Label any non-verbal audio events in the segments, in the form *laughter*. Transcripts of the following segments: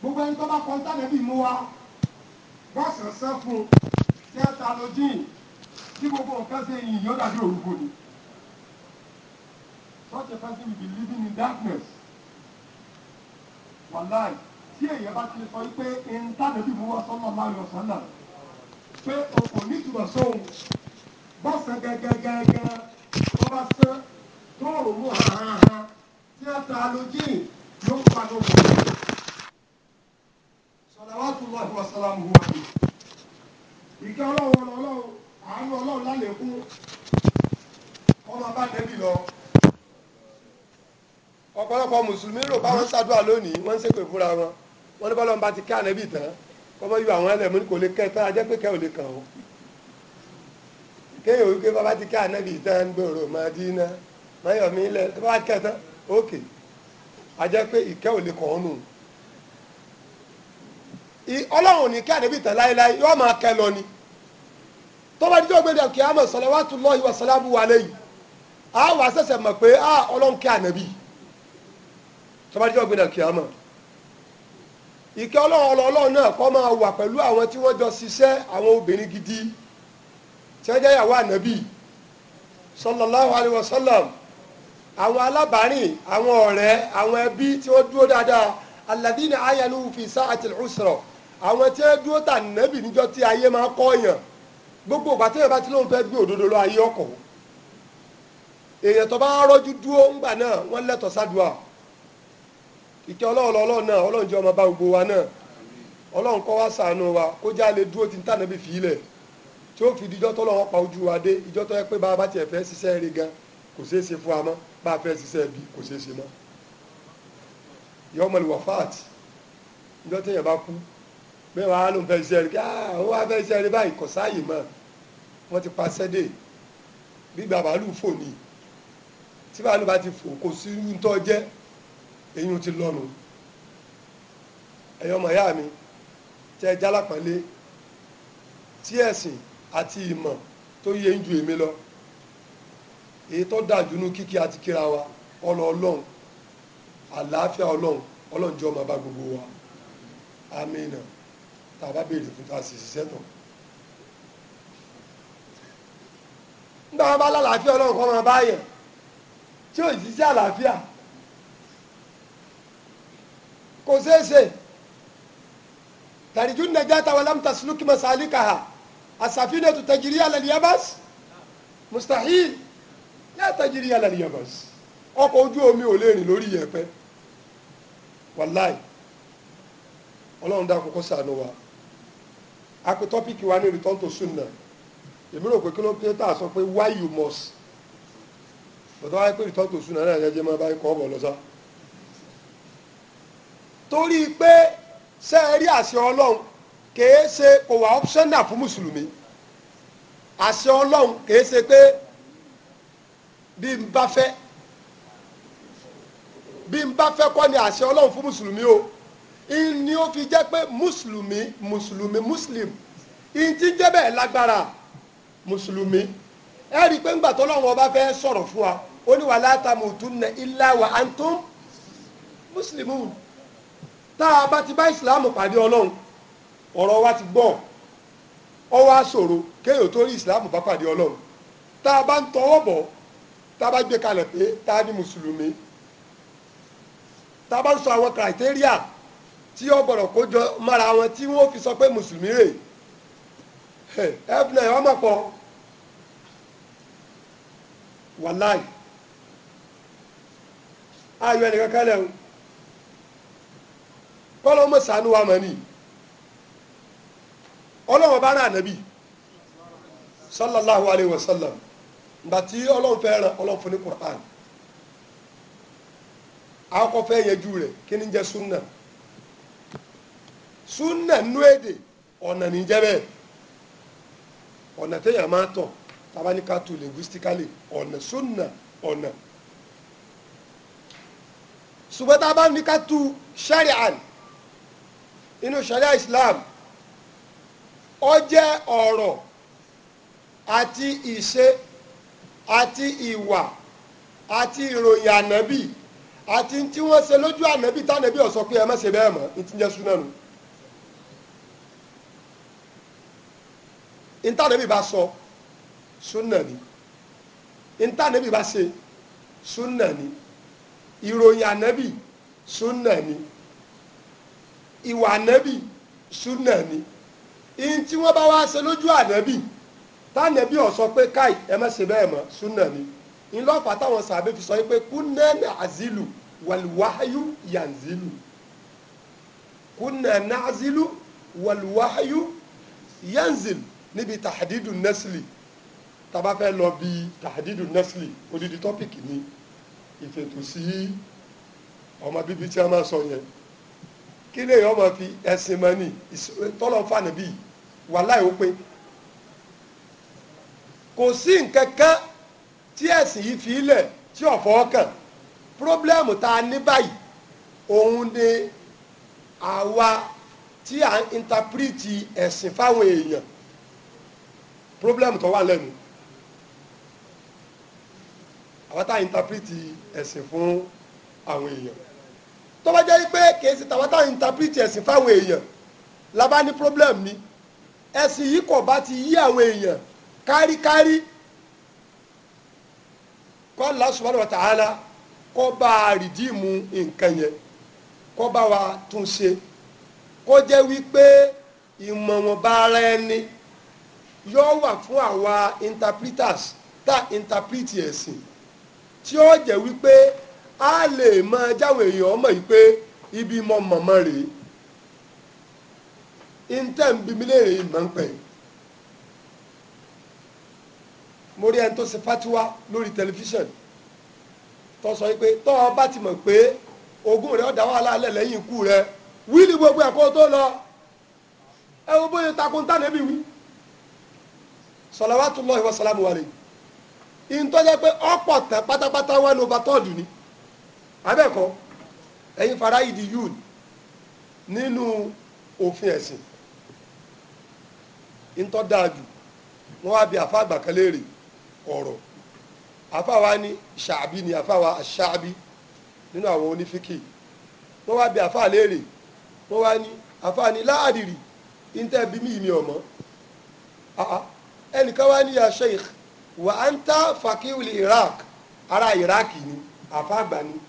gbogbo ẹni tó bá kọ́ ntánẹ́bì mú wa bọ́ọ̀sì sẹ́ fún tí ẹ ta lójú tí gbogbo nǹkan ṣe yìí yóò dàbí òrùkọ ni such a person will be living in darkness wàláì tí èèyàn bá ti sọ pé ntánẹ́bì mú wa sọ́nà máa yọ sọ́nà pé o kò ní ìtumọ̀ sóhun bọ́ọ̀sì gẹ́gẹ́gẹ́gẹ́ tó bá sẹ́ tó òun hàn án tí ẹ ta lójú yóò pa lóko salawatullahi wa salamuhu alayhi ìkẹ́ ọlọ́run ọlọ́run àánú ọlọ́run lálẹ́kún ọmọ bá dẹ́bì lọ ọ̀pọ̀lọpọ̀ mùsùlùmí rò báwọn ṣàdúrà lónìí wọ́n ń ṣépè fúnra wọn wọ́n ní bọ́lọ́run bá ti kẹ́ ànẹ́bì tán kọ́mọ́ yọ àwọn ẹlẹ́mú kò lè kẹ́ tán ajẹ́ pé kẹ́ ò lè kàn ó kéèyàn wípé bàbá ti kẹ́ ànẹ́bì tán gbòòrò Mádínà mọ́yọ̀mí lẹ̀ bàbá ti kẹ́ tán ókè ajẹ́ pé ìkẹ́ ò lè kàn ó nù ọlọ́run ò ní kí ànábì tán láéláé yóò máa kẹ́ lọ ni tọ́ba dídọ́ gbé dàkí àmọ̀ salawatullahi wa salamu alayhi a wà sẹ̀sẹ̀ mọ̀ pé a ah, ọlọ́run kí ànábì tọ́ba dídọ́ gbé dàkí àmọ̀ ìkẹ́ ọlọ́run ọlọ́run náà kọ́ máa wà pẹ̀lú àwọn tí wọ́n jọ ṣiṣẹ́ àwọn obìnrin gidi tí wọ́n jẹ́ ìyàwó ànábì sallallahu alayhi wa àwọn alábàárìn àwọn ọ̀rẹ́ àwọn ẹbí tí wọ́n dúró dáadáa alladhina ayalu fi sa'atil usra àwọn tí ẹ dúró tà nẹ́bì níjọ́ tí ayé máa kọ́ yàn gbogbo ìgbà tí yorùbá tí lóun fẹ́ gbé òdodo lọ ayé ọkọ̀ èèyàn tó bá rọ́jú dúró ńgbà náà wọ́n lẹ́tọ̀ọ́ sádùá ìkẹ́ ọlọ́run lọ́lọ́run náà ọlọ́run jẹ́ ọmọ bá gbogbo wa náà ọlọ́run kọ́ wá sànù dúró tí ń fi di lọ́wọ́ pa ojú wa dé yẹ mẹ́wàá ló ń fẹ́ iṣẹ́ rí kí ó wá fẹ́ iṣẹ́ rí báyìí kò sáàyè mọ́ wọ́n ti pa sẹ́dẹ̀ gbígbà bàálù fò ní tí bàálù bá ti fò kò sí ntọ́ jẹ́ eyín ti lọ́nu ẹ̀yọ́ ọmọ ìyá mi tẹ́ jálàpọ̀nlé tí ẹ̀sìn àti ìmọ̀ tó yẹ ń ju èmi lọ èyí tó dájú ní kíkí àti kíra wa ọlọ ọlọ́run àlàáfíà ọlọ́run ọlọ́run jọ̀ọ́ máa bá gbogbo wa amínà tá a bá béèrè fún tá a sì ṣiṣẹ́ tán. nígbà wọn bá lálàáfíà ọlọ́run kọ́ máa báyẹ̀ tí ò jí sí àlàáfíà kò ṣeé ṣe tàríjú nàìjíríà wa lam tasluki masalikaha as-safinatu tajri ala al-yabas mustahil la tajri ala al-yabas ọkọ̀ ojú omi ò lè rìn lórí yẹ̀pẹ̀ wàláì ọlọ́run dákun kó ṣàánú wa a pe tọ́pìkì wa ní return to sunna èmi rò pé kí ló pé tá a sọ pé why you must bọ̀dọ̀ wáyé pé return to sunna náà ẹ̀jẹ̀ máa bá ikọ̀ ọ̀bọ̀ lọ́sà. torí pé ṣe é rí àṣẹ ọlọ́run kèé ṣe kò wá optional fún mùsùlùmí àṣẹ ọlọ́run kèé ṣe pé bí n bá fẹ́ bí n bá fẹ́ kọ́ ni àṣẹ ọlọ́run fún mùsùlùmí o. ni ó fi jẹ́ pé mùsùlùmí mùsùlùmí muslim ìtí jẹ́ bẹ́ẹ̀ lágbára mùsùlùmí ẹ rí i pé ńgbà tọ́lọ́run ọba fẹ́ sọ̀rọ̀ fún wa ó ní wala tamutunna wa antum muslimun tá a bá ti bá ìsìláàmù pàdé ọlọ́run ọ̀rọ̀ wa ti gbọ́ ọ wá ṣòro kéèyàn tó rí ìsìláàmù bá pàdé ọlọ́run tá a bá ń tọwọ́ bọ̀ tá a bá gbé kalẹ̀ pé tá tí ó gbọ́dọ̀ kójọ mara wọn tí wọ́n fi sọ pé mùsùlùmí rè ẹ̀fúnà ìwọ́n mọ̀pọ̀ wàláì ayọ̀ ẹnìkan kálẹ̀ o kọ́lọ́ mọ̀ sànú wa mọ̀ ni ọlọ́wọ́n bá rán ànábì sallallahu alayhi wa sallam gbàtí ọlọ́run fẹ́ ràn fún ní àwọn súnà nú èdè ọ̀nà níjẹ́ bẹ́ẹ̀ ọ̀nà téèyàn máa tọ̀ tabaníkà tu linguistically ọ̀nà súnà ọ̀nà ṣùgbọ́n tá a bá ní ká tu shari'an inú sharia islam ó jẹ́ ọ̀rọ̀ àti ìṣe àti ìwà àti ìròyìn ànábì àti tí wọ́n ṣe lójú ànábì tánàbí ó sọ pé ẹ má ṣe bẹ́ẹ̀ mọ́ ní ti jẹ́ súnà nù. ntànàbí bá sọ súnà ni ntànàbí bá ṣe súnà ni ìròyìn ànábì súnà ni ìwà ànábì súnà ni ihun tí wọ́n bá wá ṣe lójú ànábì tànàbí ó sọ pé káì ẹ má ṣe bẹ́ẹ̀ mọ́ súnà ni ńlọ́pàá táwọn sàbẹ̀ fi sọ pé kúnnẹ́nà àzìlù wàlúwáyú yanzilu kúnnẹ́nà àzìlù wàlúwáyú yanzilu níbi tahadidu nestle taba fẹ́ lọ bí tahadidu nestle odidi tọ́pìkì ni ìfètò sí ọmọ bíbí tí a máa sọ yẹn kí lè yọ ọmọ fi ẹsìn mọ ní tọ́lọ̀ fàánù bíi wàláì ó pé kò sí nǹkan kan tí ẹ̀sìn yìí fi lẹ̀ tí ọ̀fọ́ kàn pírọ́blẹ́mù tá a ní báyìí òun ni àwa tí à ń intapirìtì ẹ̀sìn fáwọn èèyàn problem tó wà lẹ́nu àwọn tá à ń interpret ẹ̀sìn fún àwọn èèyàn tó bá jẹ́ pé kì í ṣe tàwọn tá à ẹ̀sìn fáwọn èèyàn la bá ní problem ni ẹ̀sìn yìí kò bá ti yí àwọn èèyàn káríkárí kó Allah subhanahu wa ta'ala kó bá a rìdíìmù nǹkan yẹn kó bá wa tún ṣe kó jẹ́ wípé ìmọ̀ wọn bá ara ẹni yóò wà fún àwa interpreters tá interpret ẹ̀sìn tí ó jẹ́ wípé a lè mọ jáwọn èèyàn mọ̀ yìí pé ibi mọ mọ̀mọ́ rèé intẹ́ ń bí mi léèrè ìmọ̀ ń pẹ̀. mo rí ẹni tó ṣe fatiwa lórí tẹlifíṣàn tó sọ pé tó o bá ti mọ̀ pé ogún rẹ̀ ọ̀dà wàhálà alẹ́ lẹ́yìn ikú rẹ̀ wíìlì gbogbo ẹ̀kọ́ tó lọ ẹ wo bóyá takuntánẹ́bí wí salawatullahi wa salamu alayhi ìntọ́jà pé ọ̀pọ̀ tán pátápátá wà ní ọba tọ́ọ̀dù ni abẹ́ẹ̀kọ́ ẹ̀yin faraidi yun nínú òfin ẹ̀sìn ìntọ́dáàjù wọ́n wá bí àfa àgbà kan léèrè ọ̀rọ̀ àfa wa ní ṣàbí ni àfa wa ṣàbí nínú àwọn onífíkì wọ́n wá bí àfa léèrè wọ́n wá ní àfa ní láàdìrì ìntẹ́bí mi ìmì ọ̀mọ́ ẹnìkan ya sheikh wa á ara iraq ni afagbani ni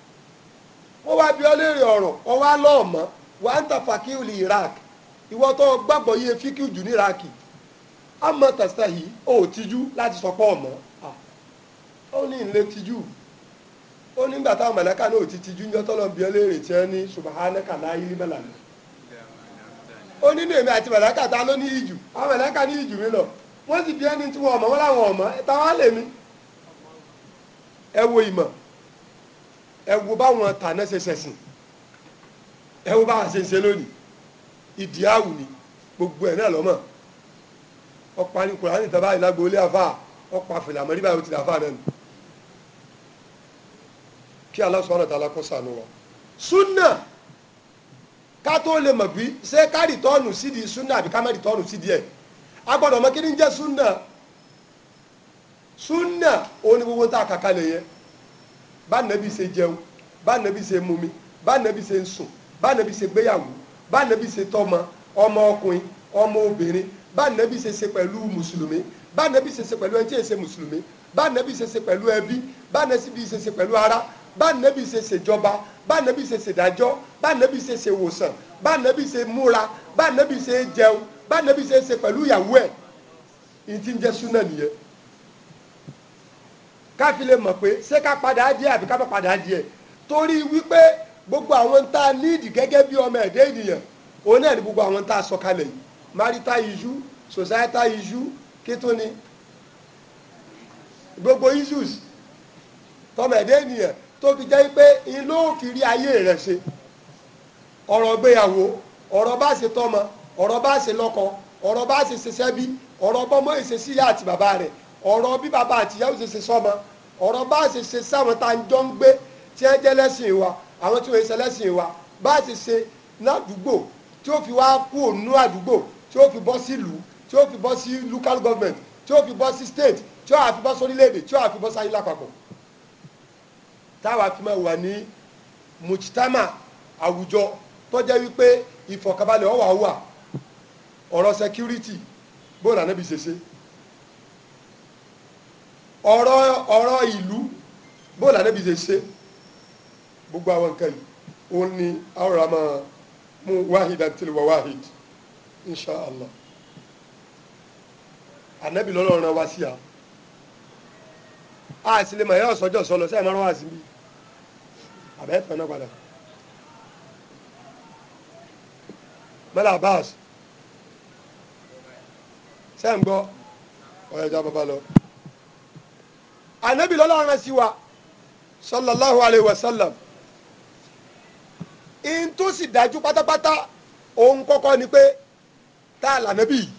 wá bí ọlẹ́rìí ọ̀rọ̀ wọ́n lọ́ọ̀mọ́ wa anta ń iraq ìwọ gbàgbọ́ yé fíkì jù ní iraq lati tẹ̀sítẹ̀ yìí ó tijú láti sọ ọ̀mọ́ ó ní ìlé tijú ó nígbà táwọn mọ̀lẹ́ka náà ti tijú ń jọ́tọ́ lọ́n bí ọlẹ́rìí tí wọ́n sì bí ẹni tí wọ́n mọ̀ wọ́n láwọn ọ̀mọ́ táwọn lè mí ẹ wo ìmọ̀ ẹ wo báwọn tàná ṣe ṣẹ̀sìn ẹ wo báwọn ṣe ń ṣe lónìí ìdí àwù ni gbogbo ẹ̀ náà lọ́mọ̀ ọ̀pá ní kùránì tàbá ìlágbó ilé àfà ọ̀pá fìlàmọ́ níbàá ó ti dàfà náà ni kí Allah subhanahu wa ta'ala kó ṣàánú wa súnà ká tó lè mọ̀ bí ṣé ká rìtọ́ọ̀nù sídìí súnà àbí ká má rìtọ́ọ̀nù sídìí ẹ̀ a gbọ́dọ̀ mọ kí ni jẹ́ súnà súnà òun ni gbogbo tá a kàkà lè yẹ bá nàbí ṣe jẹun bá nàbí ṣe mumi bá nàbí ṣe sùn bá nàbí se gbéyàwó bá nàbí ṣe tọmọ ọmọ ọkùnrin ọmọ obìnrin bá nàbí se ṣe pẹ̀lú mùsùlùmí bá nàbí ṣe ṣe pẹ̀lú ẹni tí èsè mùsùlùmí bá nàbí se ṣe pẹ̀lú ẹbí bá nàbí ṣe ṣe pẹ̀lú ara bá nàbí ṣe ṣèjọba bá nàbí ṣe ṣèdájọ́ bá nàbí ṣe ṣèwòsàn bá nàbí ṣe múra bá nàbí ṣe jẹun bá nàbí ṣe é ṣe pẹ̀lú ìyàwó ẹ̀ ìtí ń jẹ́ súnà nìyẹn káfí lè mọ̀ pé ṣé ká padà á díẹ̀ àbí ká má padà á díẹ̀ torí wípé gbogbo àwọn tá a níìdì gẹ́gẹ́ bí ọmọ ẹ̀dẹ́ ènìyàn òun náà ní gbogbo àwọn tá a sọ kalẹ̀ yìí marital issue societal issue kí ni gbogbo issues tọmọ ẹ̀dẹ́ ènìyàn tó fi jẹ́ pé in ló ayé rẹ̀ ṣe ọ̀rọ̀ gbéyàwó ọ̀rọ̀ bá ṣe tọ́mọ ọ̀rọ̀ bá ṣe lọ́kọ ọ̀rọ̀ bá ṣe ṣe sẹ́bí ọ̀rọ̀ bọ́mọ ìṣesí ìyá àti bàbá rẹ̀ ọ̀rọ̀ bí bàbá àti ìyá òṣè ṣe sọ́mọ ọ̀rọ̀ bá ṣe ṣe sáwọn tá à ń jọ ń gbé tí ẹ jẹ́ lẹ́sìn wa àwọn tí wọ́n ṣe lẹ́sìn wa bá ṣe ṣe ládùúgbò tí ó fi wá kú ònú àdúgbò tí ó fi bọ́ sí ìlú tí ó fi bọ́ sí local government tí ó fi bọ́ sí state tí ó àfi bọ́ sórílẹ̀-èdè tí ó àfi bọ́ sáyé lápapọ̀ táwa fi máa wà ní mujtama àwùjọ tó jẹ́ wípé ìfọ̀kàbalẹ̀ ọ̀wà wà ọ̀rọ̀ security bó lànà bí ṣe ṣe ọ̀rọ̀ ọ̀rọ̀ ìlú bó lànà bí ṣe ṣe gbogbo àwọn nǹkan yìí òun ni àwòrán máa mú wahid àtìlẹ̀ wá wahid insha allah ànábì lọ́lọ́run rán wá sí a a sì lè mọ̀ ẹ̀rọ sọ́jọ́ sọ lọ sẹ́yìn máa wá sí mi àbẹ́fẹ́ náà padà mẹ́lá abbas sẹ́ ń gbọ́ ọ̀rọ̀ ẹja bàbá lọ. ànábì lọ́la ara sí wa sallallahu alayhi wa sallam in tó sì dájú pátápátá òun kọ́kọ́ ni pé tá a lànàbì yìí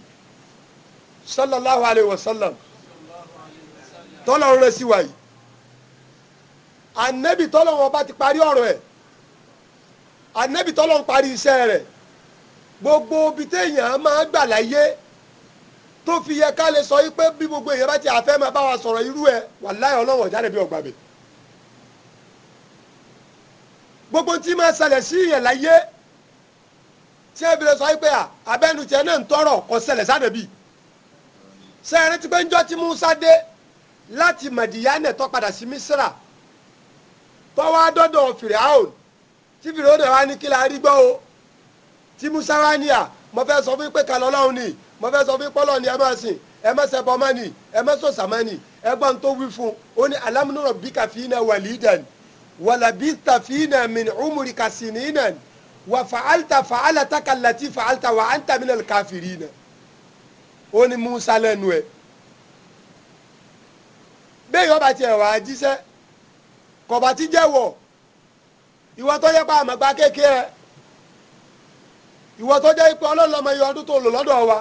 sallallahu alayhi wa sallam tọ́lọ̀ ń rẹ̀ sí wa yìí ànábì tọ́lọ̀ wọn bá ti parí ọ̀rọ̀ ẹ̀ ànábì tọ́lọ̀ ń parí iṣẹ́ rẹ̀ gbogbo ibi téèyàn máa gbà láyé tó fi yẹ ká lè sọ yìí pé bí gbogbo èèyàn bá ti àfẹ́ máa bá wa sọ̀rọ̀ irú ẹ̀ wàláhì ọlọ́wọ̀ jáde bí ọgbà mi. gbogbo tí máa ṣẹlẹ̀ sí yẹn láyé tí ẹ fi lè sọ yìí pé abẹ́nutiẹ náà ń tọrọ kò ṣẹlẹ̀ sádẹ́bì ṣe rántí pé ńjọ́ tí Musa dé láti Màdìyánẹ̀ tó padà sí Mísírà tó wá dọ́dọ̀ Fìràhùn tí Fìràhùn wá ní kí la rí gbọ́ o tí Musa wá ní à mo fẹ́ sọ fún yín pé kàlọ́ ọlọ́run nìyí mo fẹ́ sọ fún pọ́lọ́ ni ẹ máa sìn ẹ má ṣẹbọ má nì ẹ má sòsà má nì ẹ gbọ́n tó wí fún ó ní alámúnúrọ̀ bí kàfí náà wà lídàn wàlàbí tàfí náà min umri kàsí nìyàn wà fàáltà fàálàtà kàlàtì fàáltà wà áńtà mí nàlẹ́ káfìrí náà ó ní Musa lẹ́nu ẹ̀ bẹ́ẹ̀ yọba tiẹ̀ wà á jíṣẹ́ kọ̀bà tí jẹ́ wọ̀ ìwọ tó yẹ pa àmàgbà kékeré ìwọ tó jẹ́ ipò ọlọ́ọ̀lọ́mọ iye ọdún tó lò lọ́dọ̀ wa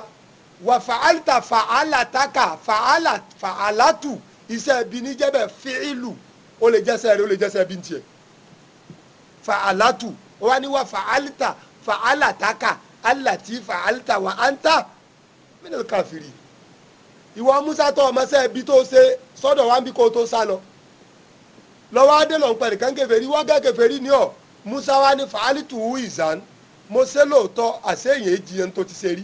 wà fàálítà fàálàtàkà fàálà fàálàtù iṣẹ́ ibi ní jẹ́bẹ̀ fíìlù ó lè jẹ́sẹ̀ rẹ̀ ó lè jẹ́sẹ̀ ibi tiẹ̀ fàálàtù ó wá ní wà fàálítà fàálàtàkà alàtì fàálítà wà áńtà mínú káfírí ìwọ musa tó ọmọ sẹ́ ibi tó ṣe sọ́dọ̀ wá ń bí kó tó sá lọ lọ́wọ́ adé pẹ̀lú kan kèfèrí wá gẹ́ kèfèrí ní ọ̀ musa wá ní fàálítù ìzán mo ṣe lóòótọ́ àṣeyìn èjì yẹn tó ti ṣe rí.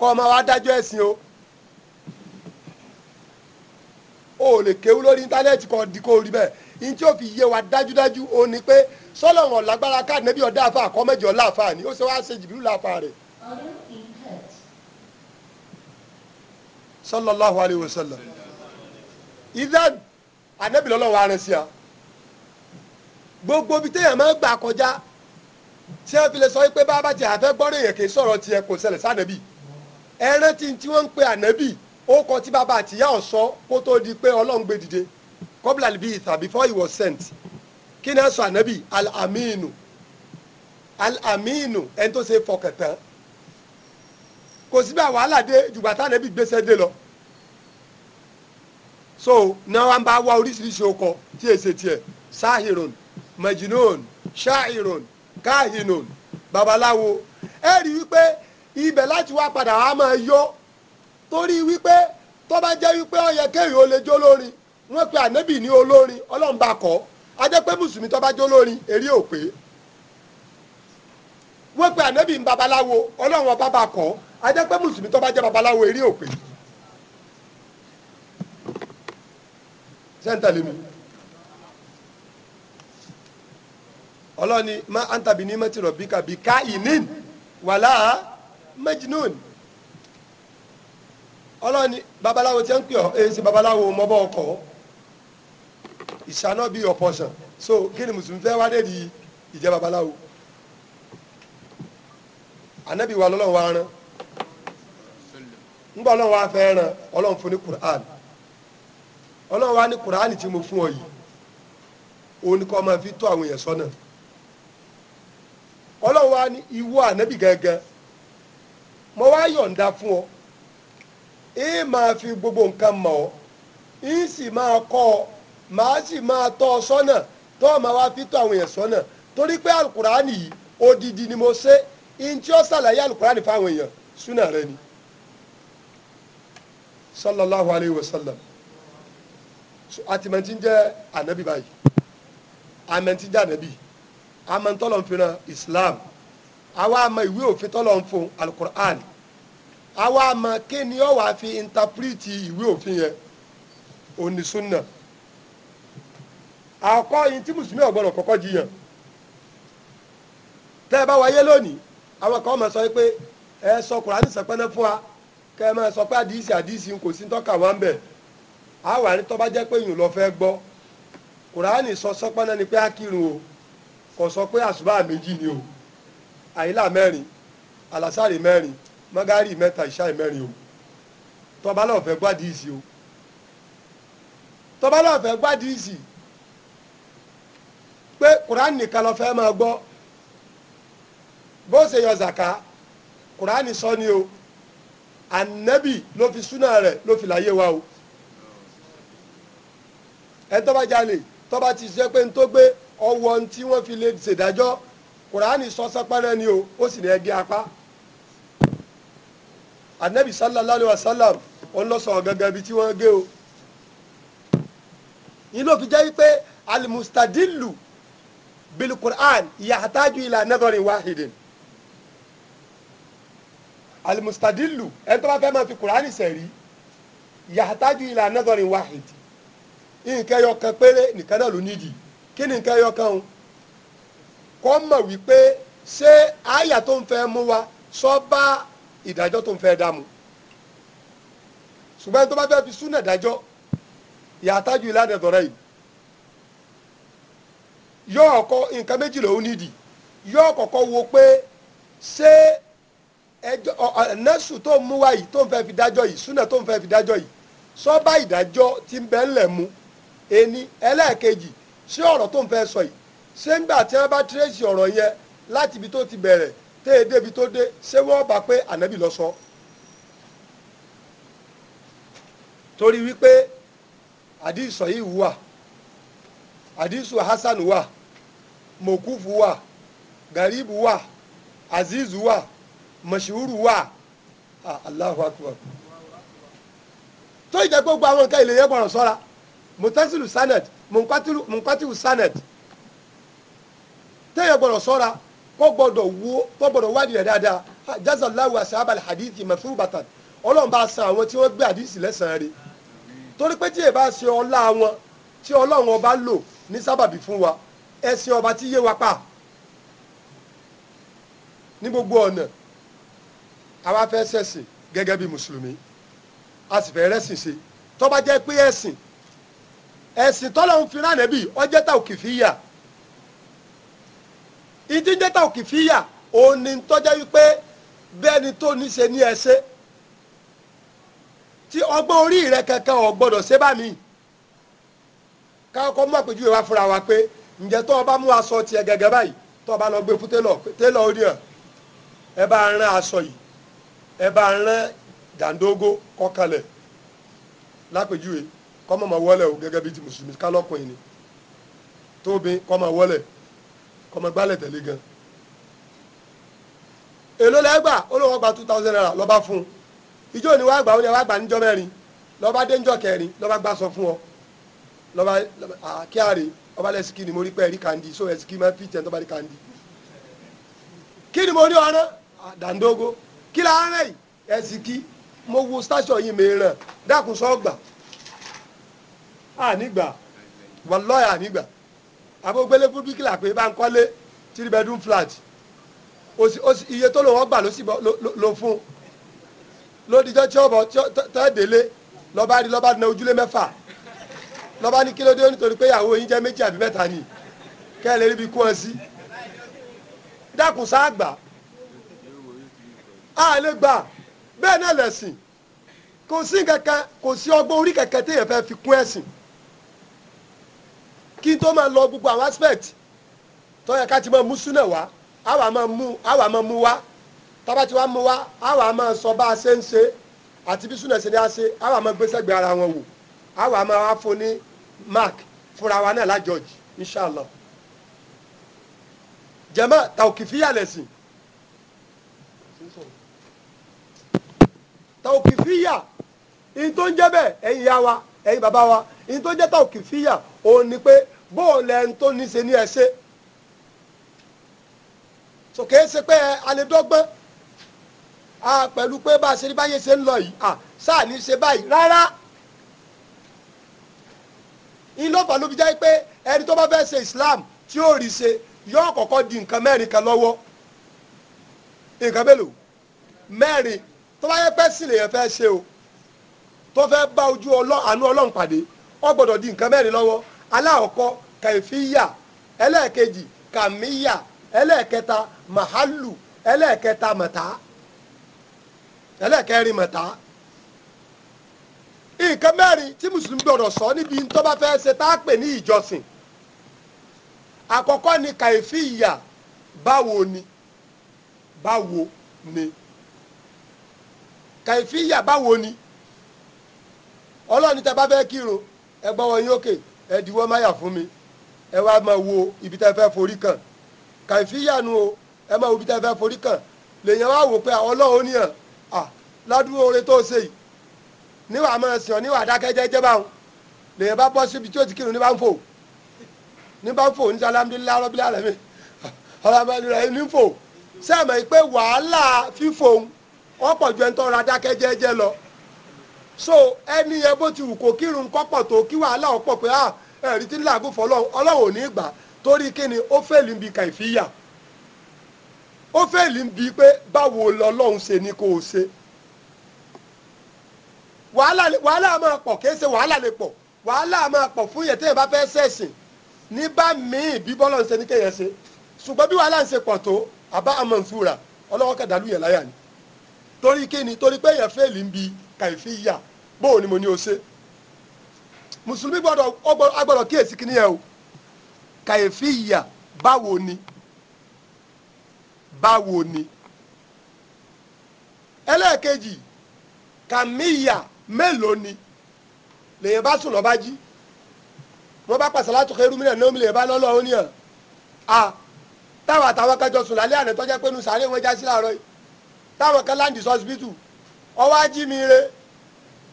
kọ́ ọ máa wá dájọ́ ẹ̀sìn o o ò lè kéwú lórí íńtánẹ́ẹ̀tì kọ́ di kó rí bẹ́ẹ̀ ní tí ó fi yé wa dájúdájú ó ní pé sọ́lọ́wọ̀n lágbára káàdì nẹ́bí ọ̀dá àfa àkọ́mẹ́jọ láàfa ni ó ṣe wá ṣe jìbìlú láàfa rẹ̀. sallallahu alayhi wa sallam idan anabi lọ́lọ́wọ́ arìn sí a gbogbo bíi téèyàn máa ń gbà kọjá tí wọ́n fi lè sọ pé bá a bá ti àfẹ́ gbọ́rọ̀ èèyàn kì í sọ̀rọ̀ tiẹ̀ kò ṣẹlẹ̀ sádẹ́bí ẹ rántí tí wọ́n ń pe ànábì ó kọ tí bàbá àtìyá ọ̀sọ́ kó tó di pé ọlọ́run gbé dìde kọ́bílà bíi ìta before he was sent kí ni ẹ sọ ànábì al-aminu al-aminu ẹni tó ṣe fọkàn tán kò síbẹ̀ wàhálà dé jùgbà ànábì gbéṣẹ́ dé lọ so now wá ń bá wá oríṣiríṣi okọ tí èsè tiẹ̀ sahirun majinun shairun kahinun babaláwo ẹ rí wípé ibẹ̀ láti wá padà wá máa yó torí wípé tó bá jẹ́ wípé ó yẹ kéèyàn ó lè jó lórin wọ́n pe ànábì ní olórin ọlọ́run bá kọ́ a jẹ́ pé mùsùlùmí tó bá jó lórin èrí ò pé wọ́n pe ànábì ń babaláwo ọlọ́run ọba bá kọ́ a jẹ́ pé mùsùlùmí tó bá jẹ́ babaláwo èrí ò pé. sẹ́ńtẹ̀lì mi ọlọ́ni má àǹtàbí ní mẹ́tìrọ̀ bíkàbí ká ìní wàhálà. mẹjìnnún ọlọ́ni babaláwo tí ń pè ọ́ èyí babaláwo mọ́bọ́ ọkọ̀ it shall so kí ni mùsùlùmí fẹ́ wá dé di ìjẹ́ babaláwo anabi wa lọ́lọ́run wa rán ńgbà ọlọ́run wa fẹ́ rán ọlọ́run fún ní mo fún ọ mo wá yọ̀ǹda fún ọ ẹ máa fi gbogbo nǹkan mọ̀ ọ́ ẹ sì máa kọ́ ọ màá sì máa tọ́ ọ sọ́nà tó o máa wá fi tọ́ àwọn èèyàn sọ́nà torí pé alukurani yìí odidi ni mo ṣe ntí ó ṣàlàyé alukurani fáwọn èèyàn súnà rẹ ni sallallahu alayhi wa sallam àtìmọ̀tí ń jẹ́ ànábì báyìí àmọ̀tí ń jẹ́ ànábì àmọ̀tọ́lọ̀ ń fìràn islam àwa mọ ìwé òfin tọ́lọ̀ ń fún alukur'an àwa mọ kéènì ó wá fi intapiriti ìwé òfin yẹn onísúnà àkọ́ yìí tí mùsùlùmí ò gbọ́dọ̀ kọ́kọ́ jiyàn tẹ́ ẹ bá wáyé lónìí àwọn kan máa sọ pé ẹ sọ kùránì sẹpẹ́nẹ́ fún wa kẹ́ ẹ máa sọ pé àdìsí àdìsí kò sí tọ́ka wọn bẹ̀ àwa ní tó jẹ́ pé èèyàn lọ fẹ́ gbọ́ kùránì sọ sẹpẹ́nẹ́ ni pé á o kò sọ pé àsùbá méjì ni o àyílà mẹ́rin àlàsáre mẹ́rin mọ́gárì mẹ́ta ìṣáì mẹ́rin o tọba náà fẹ́ gbádìí ìsì o tọba náà fẹ́ gbádìí ìsì pé Kùránì nìkan ló fẹ́ máa gbọ́ bó ṣe yọ zàká Kùránì sọ ni o ànábì ló fi súnà rẹ̀ ló fi láyé wa o ẹ tọ́ba jalè tọ́ba ti ṣe pé ń tó gbé ọwọ́ tí wọ́n fi lè ṣèdájọ́ kùránì sọ sápẹ́rẹ́ ni o ó sì ní ẹgbẹ́ apá anabi sallallahu alayhi wa sallam ó lọ sọ gẹ́gẹ́ bí tí wọ́n gé o yìí ló jẹ́ wípé almustadilu bil qur'an yahtaju ila nadarin wahidin Alimustadilu ẹni tó bá fẹ́ máa fi qur'an sẹ̀rí yahtaju ila nadarin wahid nǹkan ẹyọ kan péré nìkan náà ló nídìí kí ni nǹkan kan o kọ́ mọ̀ wípé ṣé àyà tó ń fẹ́ mú wa sọ bá ìdájọ́ tó ń fẹ́ dá mu ṣùgbọ́n tó bá fẹ́ fi súnà dájọ́ yàtájú ìlànà ìdọ̀rẹ́ yìí yóò kọ nǹkan méjì lòún nídìí yóò kọ́kọ́ wo pé ṣé nẹ́sù tó ń mú wa yìí tó ń fẹ́ fi dájọ́ yìí súnà tó ń fẹ́ fi dájọ́ yìí sọ bá ìdájọ́ tí ń bẹ ńlẹ̀ mu ẹni ẹlẹ́ẹ̀kejì ṣé ọ̀rọ̀ tó ń fẹ́ sọ yìí ṣé ńgbà tí wọ́n bá tírèsì ọ̀rọ̀ yẹn láti ibi tó ti bẹ̀rẹ̀ tẹ́ ẹ débi tó dé ṣé wọ́n bá pé ànábì lọ sọ. torí wípé àdìsọ yìí wà àdìsọ hasan wà mokufu wà garibu wà azizu wà mọ̀ṣúrù wà ah, Allahu akbar tó ìjẹ́ gbogbo àwọn nǹkan ìlẹ̀yẹ́ gbọ́dọ̀ sọ́ra mutasilu sanad munkatilu sanad téèyàn gbọ́dọ̀ sọ́ra kó gbọ́dọ̀ wo kó gbọ́dọ̀ wádìí rẹ̀ dáadáa jazallahu ashabal hadithi mathubatan ọlọ́run bá san àwọn tí wọ́n gbé àdìsí lẹ́sàn-án rẹ̀ torí pé tí èèbá ṣe ọlá wọn tí ọlọ́run ọba lò ní sábàbí fún wa ẹ̀sìn ọba tí yé wa pa ní gbogbo ọ̀nà àwa fẹ́ ṣẹ̀sìn gẹ́gẹ́ bí mùsùlùmí a sì fẹ́ rẹ́sìn ṣe tó bá jẹ́ pé ẹ̀sìn ẹ̀sìn tọ́lọ́run fi ránẹ́bì ó jẹ́ tàùkìfíyà ìdíjẹ́ta òkè fíyà òun ni tọ́já wípé bẹ́ẹ̀ ni tó ní ṣe ní ẹsẹ̀ tí ọgbọ́n orí rẹ kankan ò gbọ́dọ̀ ṣe bá mi káwọn kọ́ mú àpèjúwe wá fúnra wa pé ǹjẹ́ tó o bá mú aṣọ tiẹ̀ gẹ́gẹ́ báyìí tó o bá lọ gbé fún télọ̀ télọ̀ ẹ̀ ẹ kọ́mọ gbálẹ̀ tẹ̀lé gan èló lẹ́gbà ó lóun gba two thousand naira lọ́ba fún un ìjọ ni wàá gbà ó ní wàá gbà níjọ́ mẹ́rin lọ́ba dé níjọ́ kẹrin lọ́ba gbà sọ fún ọ lọ́ba àkíyàrè ọba lẹ́sìkì ni mo rí pẹ́ẹ́rí kandi so ẹ̀sìkì máa fi tẹ̀ ń tọ́ba rí kandi kí ni mo rí ọ̀rán dàndógó kí la rẹ̀ yìí ẹ̀sìkì mo wo station yìí mi ràn dákun sọ́gbà ànígbà wàlọ́ọ̀yà ànígbà àbógbélé fún bíkìlà pé bá ń kọ́lé three bedroom flat iye tó lò wọ́n gbà ló sì lò fún lódìjọ́ tí ọ̀bọ̀ tẹ́ẹ̀dẹ́lé lọ́ba rí lọ́ba dínà ojúlé mẹ́fà lọ́ba ní kílódé ó nítorí pé ìyàwó yín jẹ́ méjì àbí mẹ́ta ni kẹ́ ẹ lè ríbi kú wọn sí dákun sáàgbà a lè gbà bẹ́ẹ̀ náà lẹ̀sìn kò sí nǹkan kan kò sí ọgbọ́n orí kẹ̀kẹ́ téèyàn fẹ́ fi kún ẹ̀sìn kí n tó máa lọ gbogbo àwọn aspect tó yẹ ká ti máa mú súnà wá àwa máa mú àwa máa mú wá tábà tí wàá mú wá àwa máa sọ bá a ṣe ń ṣe àti bí súnà ṣe ní a ṣe àwa máa gbé sẹ́gbẹ̀ẹ́ ara wọn wò àwa máa wá fún ní mark fúnra wa náà lájọjì inshallah jẹ́mọ́ tàòkìfíyà lẹ̀sìn tàòkìfíyà ní tó ń jẹ́ bẹ́ẹ̀ ẹ̀yin yá wa ẹ̀yin bàbá wa ní tó jẹ́ tàwùkì fíyà òun ni pé bóòlù ẹni tó ní ṣe ní ẹ ṣe so kìí ṣe pé alẹ́dọ́gbọ́n a pẹ̀lú pé bá a ṣe ní báyé ṣe ń lọ yìí à sáà ní ṣe báyìí rárá ìlọ́fà ló fi jẹ́ pé ẹni tó bá fẹ́ ṣe Islam tí ó rí ṣe yóò kọ́kọ́ di nǹkan mẹ́rin kan lọ́wọ́ nǹkan mélòó mẹ́rin tó bá yẹ pẹ́ sílẹ̀ yẹn fẹ́ ṣe o tó fẹ́ bá ojú àánú Ọlọ́run pàdé ó gbọ́dọ̀ di nǹkan mẹ́rin lọ́wọ́ aláàkọ́ kàìfíyà ẹlẹ́ẹ̀kejì kàmíyà ẹlẹ́ẹ̀kẹta màhálù ẹlẹ́ẹ̀kẹta mọ̀tá ẹlẹ́ẹ̀kẹrin mọ̀tá nǹkan mẹ́rin tí mùsùlùmí gbọ́dọ̀ sọ níbi tó bá fẹ́ ṣe tá a pè ní ìjọsìn àkọ́kọ́ ni kàìfíyà báwo ni báwo ni kàìfíyà báwo ni ọlọ́ni tẹ bá fẹ́ kírun ẹ gbọ́wọ́ yín òkè ẹ diwọ́ fún mi ẹ wá máa wo ibi tẹ́ fẹ́ forí kàn kàìfíyànù o ẹ máa wo ibi tẹ́ fẹ́ forí kàn lèèyàn wá wò pé ọlọ́run à ládùúgbò oore tó ṣe yìí níwàá máa sìn ọ́ bá bọ́ síbi tí ó ti kírun ń fò ń fò mi rẹ̀ ní fò pé wàhálà fífò ọ̀pọ̀ lọ so ẹni yẹn bó ti wù kó kírun kọ́pọ̀ tó kí wàhálà ọ̀pọ̀ pé ah, ẹ̀rí tí torí kí ni ó fẹ́ẹ̀lì ń bi ya ó fẹ́ẹ̀lì ń bi pé báwo lọ́lọ́run ṣe ni kò ṣe wàhálà máa pọ̀ ṣe wàhálà lè pọ̀ wàhálà máa pọ̀ fún yẹn téèyàn bá fẹ́ ní bá bí bọ́lọ̀ ń ṣe kéèyàn ṣe ṣùgbọ́n bí wàhálà ń ṣe pọ̀ tó àbá ọlọ́wọ́ kẹdàlú yẹn bóò ni mo ní o ṣe mùsùlùmí gbọ́dọ̀ agbọ́dọ̀ kíyèsí kí nìyẹn o kàyéfì ìyà báwo ni báwo ni ẹlẹ́ẹ̀kejì kàmíyà mélòó ni lèyìn bá sùn lọ́ba jí wọ́n bá pàṣẹ láti kọ́ irúmìnà náà lèyìn bá lọ́lọ́ òun yàn á táwọn àtàwọn kẹjọ sùn lálẹ́ àná tọ́jà pé nu sàárè wọn já sí làárọ̀ yìí táwọn kan láǹdì sọ́sibítù ọwọ́ ajímire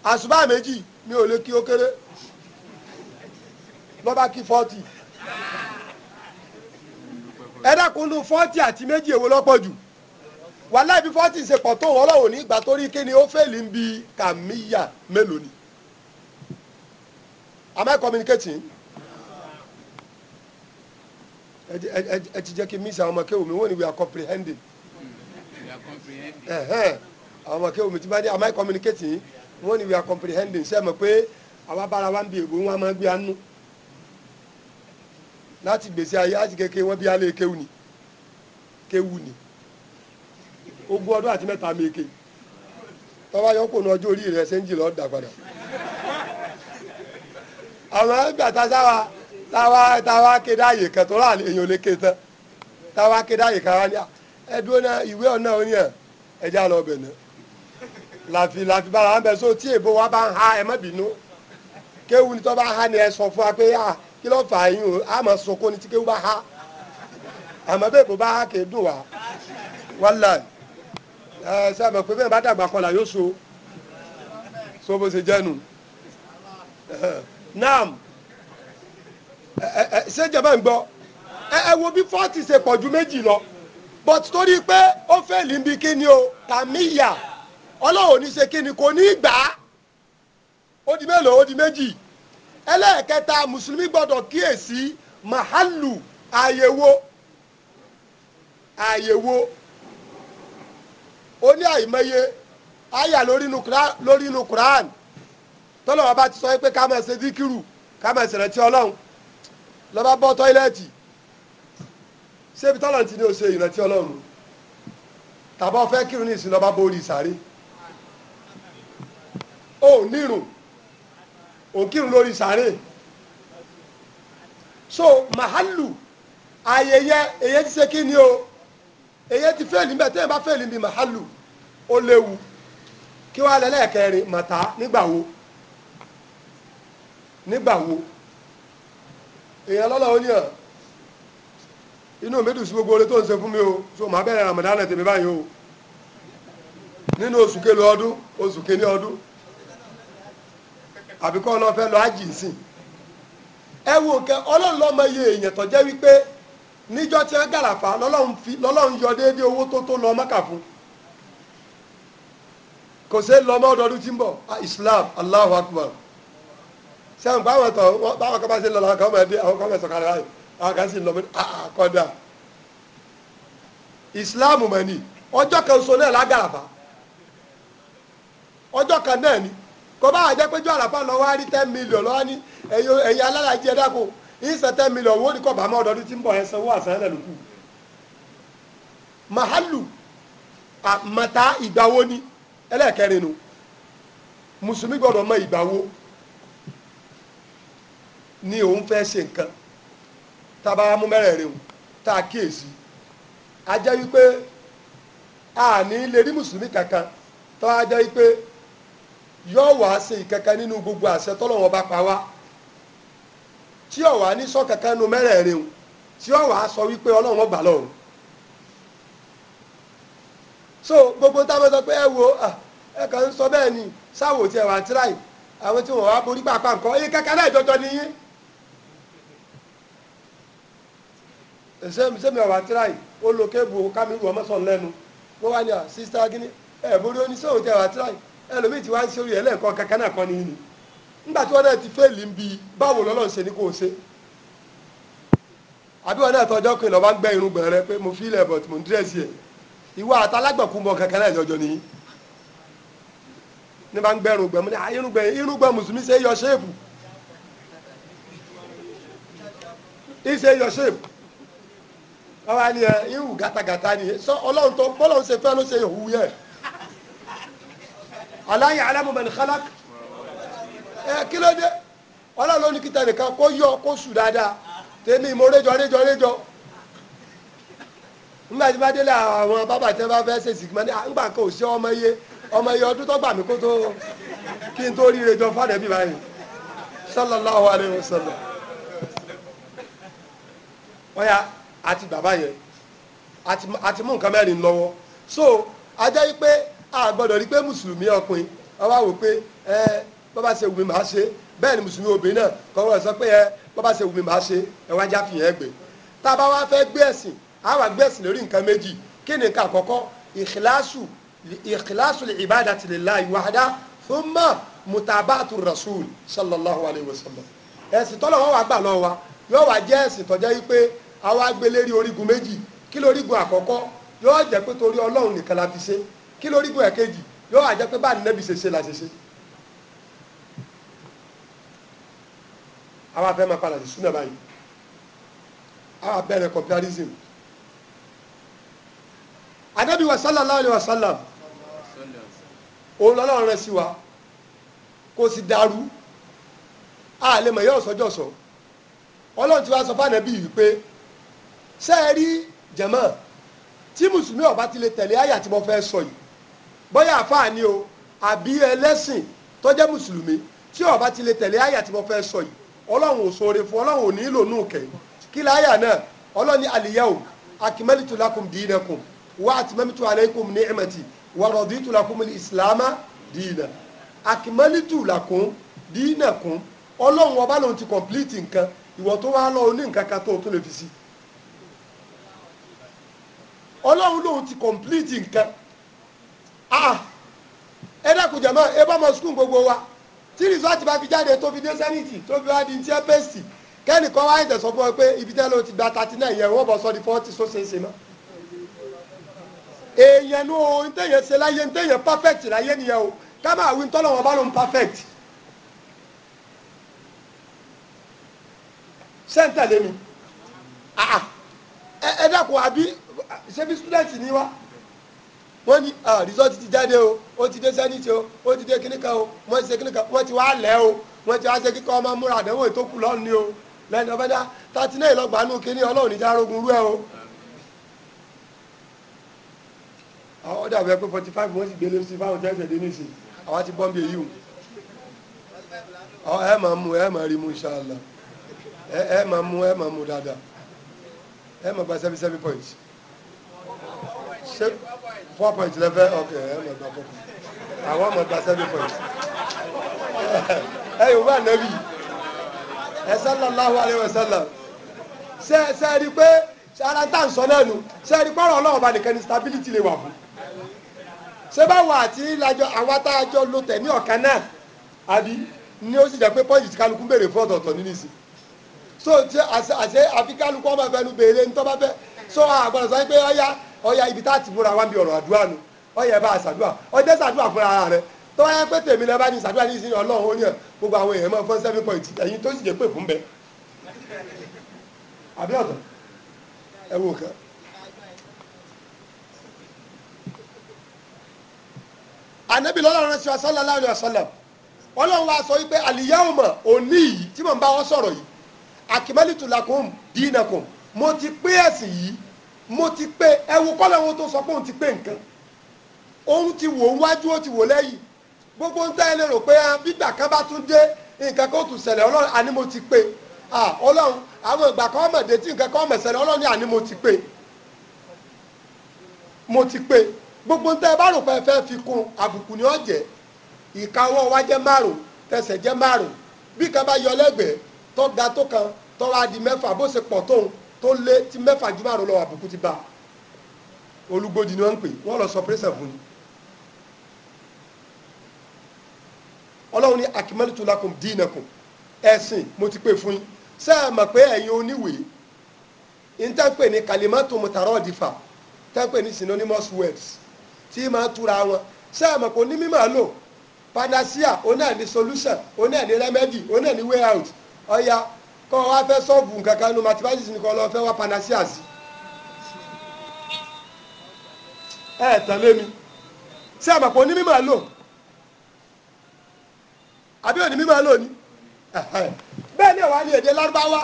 àṣùbà méjì mi ò lè kí ó kéré lọ́ba kí fọ́tì ẹ fọ́tì àti méjì èwo lọ́pọ̀ jù fọ́tì ṣe pọ̀ tó ní ìgbà torí kí ni ó fẹ́ẹ̀lì ń bi kàmíyà mélòó ni am I communicating ẹ ti are comprehending àwọn ti bá am I wọ́n ní we are comprehending ṣe pé àwa bára wa ń bi ègbò wọn máa gbé anú láti gbèsè ayé láti kékeré wọn bí alẹ́ kéwù ni kéwù ni ogún ọdún àti mẹ́ta mèké tọ́wá yọkùn ní ọjọ́ orí rẹ̀ ṣe ń jì lọ́ọ́ àwọn táwa táwa kéde àyè kan tó rà èèyàn lè ké tán táwa kéde àyè kan wá ní ẹdúró náà ìwé ọ̀nà lọ làfi làfi bára wọn bẹ so tí èbó wa bá ń ha ẹ má bínú kéwu ni tó bá ha ni ẹ sọ fún wa pé à ah, kí ló fà yín o a máa sunkún ni tí kéwu bá ha àmọ́ bẹ́ẹ̀ bó bá ha kì í dùn wá wálá ẹ sábà pé bẹ́ẹ̀ bá dàgbà kọlà yóò so so bó ṣe jẹ́nu naam ṣé jẹba ń gbọ́ ẹ wo bí fọ́ọ̀tì ṣe pọ̀ ju méjì lọ but torí pé ó fẹ́ẹ̀lì ń bi kí ni o tàmíyà ọlọ́run ní ṣe kí ni kò ní í gbà á ó di mélòó ó di méjì ẹlẹ́ẹ̀kẹta mùsùlùmí gbọ́dọ̀ kíyèsí màhálù àyèwò àyèwò ó ní àìmọye àyà lórí inú Quran tọ́lọ́wọ́ bá ti sọ pé ká máa ṣe díkìrù ká máa ṣẹlẹ̀ tí ọlọ́run lọ́ba bọ́ tọ́ílẹ̀tì ṣébi tọ́lọ́run ti ní o ṣe ìrántí ọlọ́run tàbá ọ fẹ́ kírun ní ìsìn lọ́ba borí sáré ó nírun òkírun lórí sàárè so màhálù ayẹyẹ èyẹ ti ṣe kí ni o èyẹ ti fẹ́ẹ̀lì níbẹ̀ tẹ́yìn bá fẹ́ẹ̀lì níbi màhálù ó léwu kí wàá lẹ́lẹ́kẹrin màtá nígbà wo nígbà wo èèyàn lọ́la ó ní inú mi dùn sí gbogbo oore tó ń ṣe fún mi o so màá bẹ̀rẹ̀ Ramadan tèmi báyìí o nínú oṣù àbí kọ́ lọ́ọ́ fẹ́ lọ ájì sí ẹ wo ọlọ́run lọ́mọ iye èèyàn tó jẹ́ wípé níjọ́ tí wọ́n gàràfà lọ́lọ́run yọ déédéé owó tó tó mọ́kà fún kò ah, Islam Allahu Akbar sẹ́wọ̀n báwọn tọ̀ báwọn kò bá àjẹ́ péjú àlàfà lọ wá rí ten million lọ́wọ́ ní ẹ̀yin alálàájì ẹ̀dàkùn ìsẹ̀ ten million wọ́n ní kọ́ bàmọ́ ọ̀dọ́dún tí ń bọ̀ owó mahalu mata ìgbàwo ni ẹlẹ́ẹ̀kẹrin nu mùsùlùmí mọ igbawo. ni òun fẹ́ ṣe nǹkan tába mú mẹ́rẹ̀ẹ̀rin tá a kíyèsí a jẹ́ wípé a ní lè rí mùsùlùmí kankan tó a jẹ́ yóò se ṣe nínú gbogbo àṣẹ tọ́lọ́wọ́n bá pa wá tí ọwà ní sọ kankan nu tí ọwà sọ wípé ọgbà so gbogbo táwọn sọ pé ẹ wo ẹ kàn ń sọ ni sáwò tí ẹ wà àwọn tí wọn wá borí pàápàá nǹkan kankan náà jọjọ nìyí ó lo ẹlòmíì ti wá ń sórí ẹlẹ́ẹ̀kan kankan náà kan ni ni nígbà tí wọ́n náà ti fẹ́ẹ̀lì ń bi báwo lọ́lọ́run ṣe ni kò ṣe àbí wọn náà tọjọ́ pé lọ́ba ń gbẹ́ irun gbọ̀n rẹ pé mo mo ń ìwọ àtàlágbàkú mọ kankan náà jọjọ bá ń gbẹ́ irun gbọ̀n mo ní irun gbọ̀n irun yọ ṣéèpù yọ ṣéèpù ọba ni ẹ irun gàtàgàtà ni ọlọ́run tó bọ́lọ́run ṣe fẹ́ ló ṣe aláyàlámù man khalaq ẹ kí ló dé ọlọ́run ló ní kíta nìkan kó yọ kó sùn dáadáa tèmi mo réjọ réjọ réjọ nígbà tí bá délé àwọn bábà tí wọ́n bá ṣe sìgbọn ọmọ iye ọdún tó gbà mí kó tó kí n tó rí rejọ fàdébí báyìí sallallahu alayhi wa sallam àti bàbá yẹn àti mú nǹkan mẹ́rin lọ́wọ́ so ajá a gbọ́dọ̀ rí pé mùsùlùmí ọkùnrin wọ́n wá wò pé ẹ bọ́bá ṣe wù mí màá ṣe bẹ́ẹ̀ ni mùsùlùmí obìnrin náà kọ́ wọ́n sọ pé ẹ bọ́bá ṣe wù mí màá ṣe ẹ wá já fìyẹn gbé tá a bá wá fẹ́ gbé ẹ̀sìn a wà gbé ẹ̀sìn lórí nǹkan méjì kí ni nǹkan àkọ́kọ́ ìkìláṣù ìkìláṣù ìbádàtì lillahi wahda thumma mutabatu rasul sallallahu alayhi wa sallam ẹ̀sìn tọ́lọ̀ wọn wà gbà lọ wa yóò wá jẹ́ ẹ̀sìn tọ́jẹ́ yí pé àwa gbélé rí orígun méjì kí lórígun kí lórí gun ẹ̀kejì yóò wá jẹ́ pé bá nẹ́bi ṣe ṣe la ṣe ṣe. àwa fẹ́ máa padà sí súnà báyìí àwa bẹ̀rẹ̀ comparison. anabi wa sallallahu alayhi wa sallam òun lọ́lọ́run rẹ̀ sí wa kò sì dàrú àlẹ́ mọ̀ yóò sọ́jọ́ sọ ọlọ́run ti wá sọ fáànà bíi wípé ṣé ẹ jẹ̀mọ́ tí mùsùlùmí ọba ti lè tẹ̀lé àyà tí mo fẹ́ sọ yìí bóyá àfáà ni o àbí ẹlẹ́sìn tó jẹ́ mùsùlùmí tí ó bá ti lè tẹ̀lé àyà tí mo fẹ́ sọ yìí ọlọ́run ò sóore fún ọlọ́run ò ní lò nù kẹ́ kí láyà náà ọlọ́run ní al-yawma akmaltu lakum dinakum wa atmamtu alaykum ni'mati wa raditu lakum al-islama dinan akmaltu lakum dinakum ọlọ́run ọba lòun ti complete nǹkan ìwọ tó wá lọ oní nǹkan kan tó tó lè fi sí ọlọ́run lòun ti complete nǹkan Ah, ẹ dẹ́kun jẹ̀mọ́ ẹ bá mọ sukùn gbogbo wa tí rìsọ́ọ̀tì bá fi jáde tó fi dé sẹ́nìtì tó fi wá di tiẹ́ pẹ́sì kẹ́nìkan wá ẹ̀jẹ̀ sọ fún ọ pé ibi tẹ́ ló ti gba thirty nine yẹn wọ́n bọ̀ sọ di forty so ṣe é ṣe mọ́. èèyàn ní o ní tẹ̀yẹ̀ ṣe láyé ní tẹ̀yẹ̀ perfect láyé nìyẹn o ká máa wí tọ́lọ̀ wọn bá lòun perfect. sẹ́ńtà lé mi ah, ah. ẹ dẹ́kun àbí ṣé bí student ni wá. wọ́n ní ah, rìsọ́ọ̀tì ti jáde o ó ti dé sẹ́nìtì o ó ti dé kíníkà o wọ́n ti ṣe kíníkà wọ́n ti wá lẹ́ o wọ́n ti wá ṣe kíkọ́ ọmọ múra àdánwò ètò kù lọ́ọ̀ ni o lẹ́nu ọ̀fẹ́ tàtí náà ìlọgbà nù kíní ọlọ́run ní arógun rú ẹ gbélé sí fáwọn tẹ́sẹ̀ dé ti bọ́m̀bì ẹ mú ẹ rí ẹ mú four point lẹ́fẹ́ Okay, ẹ mọ̀ gba four points. àwọn ọmọ gba seven point ẹ yóò bá nẹ́bí ẹ sallallahu alaihi wasallam ṣe ṣe rí i pé ara tá à ń sọ náà nu ṣe rí i pé ọ̀rọ̀ ọlọ́wọ́ bá nìkan ni stability lè wà fún ṣé báwo àti àwọn atájọ ló tẹ̀ ní ọ̀kan náà àbí ni ó sì jẹ́ pé pọ́ǹsì tí kálukú béèrè fún ọ̀tọ̀ọ̀tọ̀ nínú ìsìn so àṣẹ àfikálukú ọmọ ìfẹnu béèrè ní tọ́ba fẹ́ so àgbọ̀dọ̀ sọ pé ọ̀ya ọ̀ya ibi tá a ti múra wá ń bi ọ̀rọ̀ àdúrà nu ọ̀ya ẹ bá a ṣàdúrà ọjọ́ ṣàdúrà fúnra ara rẹ tó wáyé pé tèmi lẹ bá ní ṣàdúrà ní ìsinyìí ọlọ́run ó yàn gbogbo àwọn èèyàn mọ́ fún seven point ẹ̀yin tó sì jẹ́ pé fún bẹ́ẹ̀ àbí ọ̀tọ̀ ẹ wò kàn. anabi lọ́lọ́run rẹ̀ sọ sallallahu alaihi wasallam ọlọ́run wa sọ wípé al-yawma òní yìí tí mò ń bá wọn sọ̀rọ̀ yìí akmaltu lakum dinakum mo ti pé ẹ̀sìn yìí mo ti pé ẹwu kọ́lọ̀ wọn tó sọ pé òun ti pé nǹkan òun ti wò wájú ó ti wò lẹ́yìn gbogbo ń tẹ́ ẹ lérò pé ah, bígbà kan bá tún dé nǹkan kó tún ṣẹlẹ̀ ọlọ́run àní mo ti pé ọlọ́run àwọn ìgbà kan ọmọdé tí nǹkan kan ọmọ ṣẹlẹ̀ ọlọ́run àní mo ti pé mo ti pé gbogbo ń tẹ́ ẹ bá rò pé ẹ fẹ́ fi kún àbùkù ni ó jẹ́ ìkáwọ́ wa jẹ́ márùn tẹsẹ̀ jẹ́ márùn bí kan bá yọ lẹ́gbẹ̀ẹ́ tó ga tó kan tó wá di mẹ́fà bó ṣe pọ̀ tóun tó lé tí mẹ́fà ju márùn lọ àbùkù ti bá olùgbòdì ni wọ́n ń pè wọ́n lọ sọ pírẹ́sẹ̀ fún ni ọlọ́run ní akimẹ́lìtò lakum dínàkùn ẹ̀sìn mo ti pè fún yín sẹ́ẹ̀ mọ̀ pé ẹ̀yin oníwèé ìtẹ́pẹ́ ní kalimatu mutarodifa tẹ́pẹ́ ní synonymous words tí máa túra wọn sẹ́ẹ̀ mọ̀ pé onímọ̀ lò panacea onáà ní solution onáà ní remedy onáà ní way out ọ̀ya kọ́ wa fẹ́ sọ́ọ̀bù nǹkan kan nu mathematics nìkan lọ fẹ́ wá panacea sí ẹ tẹ̀lé mi ṣé àmàpọ̀ ní mímọ̀ lò àbí òní mímọ̀ lò ní bẹ́ẹ̀ ni wàá ní èdè lárúbáwá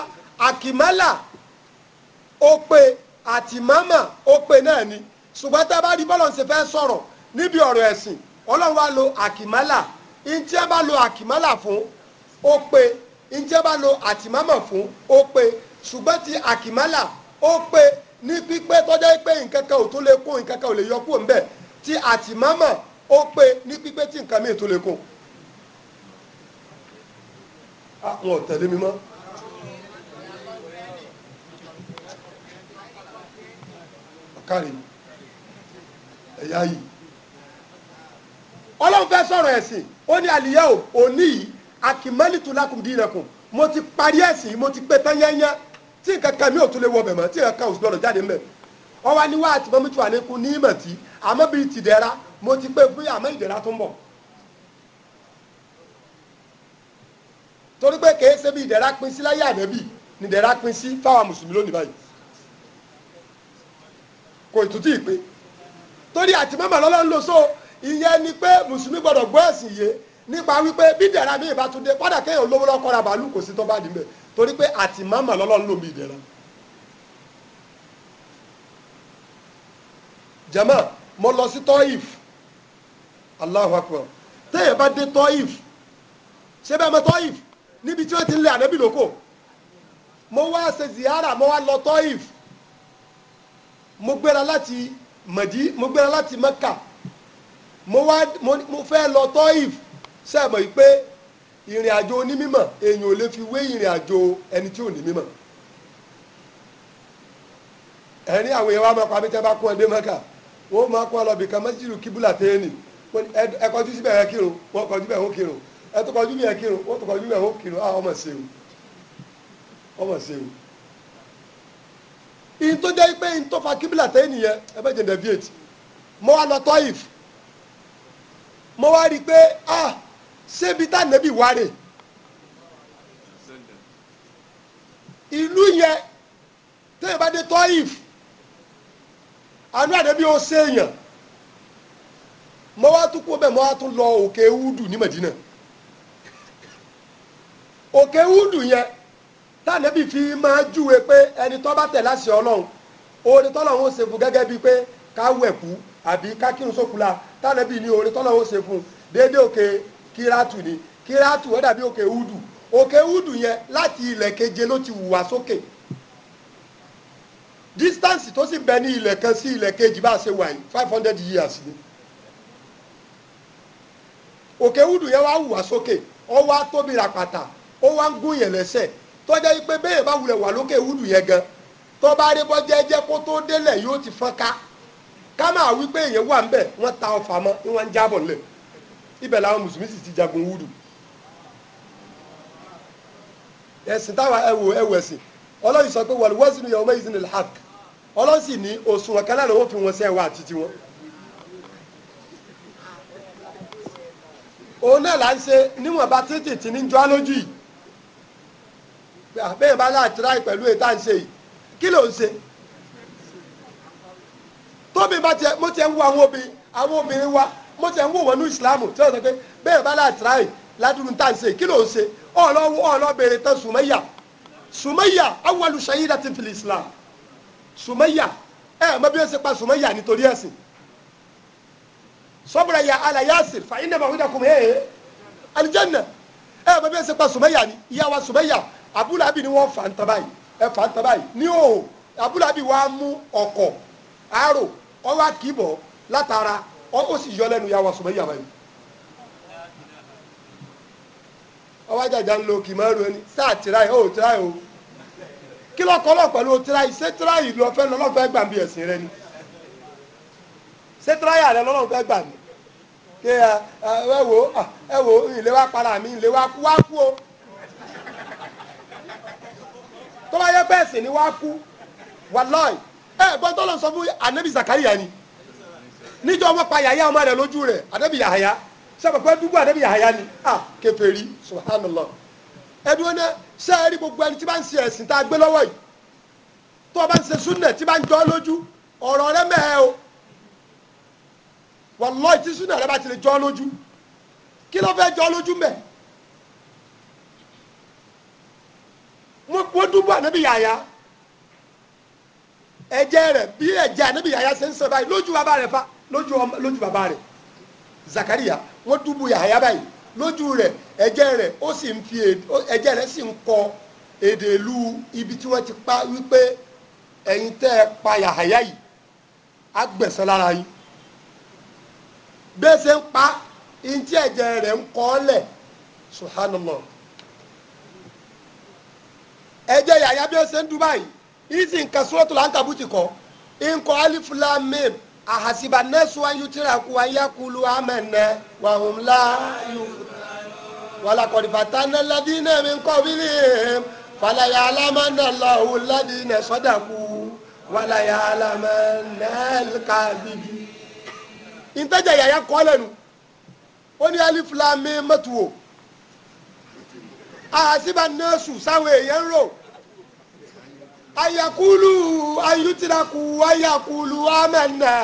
àkìmálà ó pe àtìmámà ó pe náà ni ṣùgbọ́n tá a bá rí bọ́lọ̀ ṣe fẹ́ sọ̀rọ̀ níbi ọ̀rọ̀ ẹ̀sìn ọlọ́run wa lo àkìmálà ní tí a bá lo àkìmálà fún ó pe njẹ́ bá lo àtìmọ́mọ̀ fún ó pé ṣùgbọ́n ti àkìmọ́là ó pé ní pípé tọ́jà pé nǹkan kan ò tó lè kún nǹkan kan ò lè yọ kúrò ńbẹ̀ ti àtìmọ́mọ̀ ó pé ní pípé tí nǹkan míì tó lè kún. àwọn ò tẹ̀lé mi mọ́. kárí ẹ̀yà yìí ọlọ́run fẹ́ sọ̀rọ̀ ẹ̀sìn ó ní àlìyá ò òní yìí akimalitu lakum dinakum mo ti parí ẹ̀sìn mo ti pé tán yányá tí nǹkan kan mi ò tún lè wọ bẹ̀ mọ́ tí nǹkan kan ò sì lọ́lọ́ jáde ńbẹ̀ wọ́n wá ní wá àti mọ́mítù àlékún ní ìmọ̀ tí àmọ́ bíi tìdẹ́ra mo ti pé fún àmọ́ ìdẹ́ra tó ń bọ̀ torí pé kèé ṣe bí ìdẹ́ra pín sí láyé àdẹ́bì ni ìdẹ́ra pín sí fáwọn mùsùlùmí lónìí báyìí kò ìtútù ìpè torí àti lọ́lọ́ ń lo so ìyẹn ni pé mùsùlùmí gbọ́dọ̀ gbọ́ ẹ̀sìn yìí nípa wípé bí dẹ̀ra mi ìbá tún dé padà kéèyàn lówó lọ́kọ́ ra bàálù kò sí tó bá dìbẹ̀ torí pé àti màmá lọ́lọ́run ló bí ìdẹ̀ra. jama mo lọ sí tọ́ìf Allahu akbar téèyàn bá dé tọ́ìf ṣé bẹ́ẹ̀ mọ tọ́ìf níbi tí ó ti ń lé ànábì lóko mo wá ṣe ziyara mo wá lọ tọ́ìf mo gbéra láti mọ̀dí mo gbéra láti mẹ́kà mo wá mo fẹ́ lọ tọ́ìf sẹ́ẹ̀mọ̀ yìí pé ìrìn àjò onímọ̀ èèyàn ò lè fi wé ìrìn àjò ẹni tí ò ní mímọ̀ ẹ̀rí àwọn èèyàn wa máa pa abẹ́tẹ́ bá kún ẹdẹ mẹ́ka wọ́n máa kún ọlọ́bì kan mẹ́sìlú kíbúlà tẹ́ẹ̀nì ẹ kọjú síbẹ̀ ẹ kírun wọ́n kọjú bẹ̀ ó kírun ẹ tó kọjú bẹ̀ ẹ kírun wọ́n tó kọjú bẹ̀ ó kírun á ah, ọmọ ṣe o ọmọ ṣe o. ìyìn tó jẹ́ pé ìyìn tó fa kíbúlà tẹ́ẹ̀nì yẹn ẹ bẹ́ẹ̀ jẹ́ deviate mo wá lọ tọ́yìf mo wá rí i pé ah ṣébi tá nẹ́bí wárè ìlú yẹn tẹ́yìn bá dé tọ́yìf àánú ànẹ́bí ó ṣèèyàn mo wá tún kó bẹ́ẹ̀ mo wá tún lọ òkè údù ní Mẹ̀dínà òkè údù yẹn tànẹ́bí fi máa júwe pé ẹni tó bá tẹ̀ láṣẹ Ọlọ́run oore tọ́lọ́run ó ṣe fún gẹ́gẹ́ bíi pé ká wẹ̀kú àbí ká kírun sókùlà tànẹ́bí ní oore tọ́lọ́run ó ṣe fún déédéé òkè tu ni kira ó dàbí òkè údù òkè údù yẹn láti ilẹ̀ keje ló ti wùwà sókè distance tó sì bẹ kan sí ilẹ̀ bá a years ni òkè údù yẹn wá wùwà sókè ó wá tóbi ràpàtà ó wá ń gún yẹn lẹ́sẹ̀ tó jẹ́ pé bẹ́ẹ̀ bá wulẹ̀ wà lókè údù yẹn gan tó bá jẹ́jẹ́ kó tó délẹ̀ yóò ti fọ́n ká ká máa wí pé èèyàn wà ń bẹ̀ wọ́n ta ọfà mọ́ wọ́n ń jábọ̀ lẹ́nu. ibẹ̀ làwọn mùsùlùmí sì ti jagun wúdù ẹ̀sìn táwa ewu ẹ̀wò ẹ̀sìn ọlọ́run sọ pé wal waznu yawma'izin al-haqq ọlọ́run sì ní òṣùwọ̀n kan náà ló fi wọn sẹ́wọ́ àti tiwọn. òun náà là ń ṣe níwọ̀nba títì tí ní jọ́ lójú yìí bẹ́ẹ̀ bá láti ráì pẹ̀lú ètò à yìí kí ló ń wa. mo ti ẹ̀ ń wò wọnú ìsìláàmù tí wọ́n sọ pé bẹ́ẹ̀ bá láàtìráì ládùúgbò tá à ń ṣe kí ló ń ṣe ọ̀ọ́lọ́ ọ̀ọ́lọ́ béèrè tán sùmẹ́yà sùmẹ́yà awwalu shahidatin fil islam sùmẹ́yà ẹ ẹ̀ mọ bí wọ́n ṣe pa sùmẹ́yà nítorí ẹ̀sìn sọ́bùrà yà àlà yasir fa iná màwúdà kùmù eh, ẹ̀ eh, alijanna ẹ ẹ̀ mọ bí wọ́n ṣe pa sùmẹ́yà ni ìyá wa sùmẹ́yà abúlábì ni wọ́n fà ń tabáyì ẹ fà ń tabáyì ní òhò abúlábì wa mú ọkọ̀ àárò ọwọ́ àkìbọ̀ látara ọ sì yọ lẹ́nu yàwọ ya yàwọ yìí ọwọ àjàjà ń lo kìmọ̀rù ẹni sáà tíráì ó tíráì o kí lọkọ lọ pẹ̀lú tíráì ṣé tíráì lọ fẹ́ lọ lọ́fẹ́ gbà bí ẹ̀sìn rẹ ni ṣé tíráì àrẹ lọ́lọ́run fẹ́ kí ẹ ẹ ẹ wo ilé wa para mi ilé wa kú wa kú o tó yẹ pé ẹ̀sìn ni wá kú wàlọ́ọ̀ ẹ gbọ́dọ̀ lọ sọ fún anabi ni. níjọ́ wọ́n pa yàyà ọmọ rẹ̀ lójú rẹ̀ àdẹ́bí yàhàyà sábà pé dúgbò àdẹ́bí yàhàyà ni à kèfèrí subhanallah ẹ̀dùn ọ̀nà sẹ́ẹ̀rí gbogbo ẹni tí bá ń ṣe ẹ̀sìn tá a gbé lọ́wọ́ yìí tó o bá ń ṣe súnà tí bá ń jọ lójú ọ̀rọ̀ rẹ mẹ́ẹ̀ o wallahi tí súnà rẹ bá ti lè jọ lójú kí ló fẹ́ jọ lójú mẹ́ wọ́n dúgbò àdẹ́bí yàhàyà ẹ̀jẹ̀ rẹ̀ bí ẹ̀jẹ̀ àdẹ́bí yàhàyà ṣe ń sọ báyìí lójú wa bá rẹ̀ fa lójú lójú bàbá Zakaria wọ́n dúbú Yahaya báyìí lójú rẹ̀ ẹ̀jẹ̀ rẹ̀ ó sì ń fi sì ń kọ èdè ìlú ibi tí wọ́n ti pa wípé pa Yahaya yìí á gbẹ̀san lára yín ń pa ntí ẹ̀jẹ̀ rẹ̀ ń kọ́ lẹ̀ subhanallah ẹ̀jẹ̀ Yahaya bí ó ṣe ń dúbà yìí ìsìn sọ́tò kọ́ ń kọ́ alif ahasiba nasu an yutiraku an yakulu amene wa hum la walakɔdi fatana ladina min kɔbili fala ya'lamanna Allahu ladina sadaku wala ya'lamanna al-kadhibi. ìtajà yaya kọ́lẹ̀ nu ó ní alif lam mim mẹ́tuwò ahasiba nasu sáwọn èèyàn rò. ayakulu ayutiraku ayakulu amẹnẹ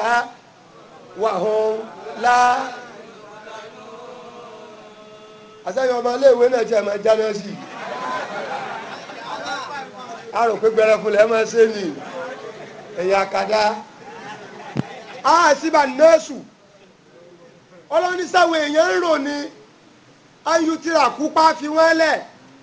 wahun la. àṣàyàn ọmọ iléèwé náà jẹ́ ẹ̀mọ jáná sí i a rò pé gbẹrẹfun lẹ́ẹ̀ ṣe ni ẹ̀yà kàdá a síbà nọ́ọ̀sù ayutiraku pa fi wọ́n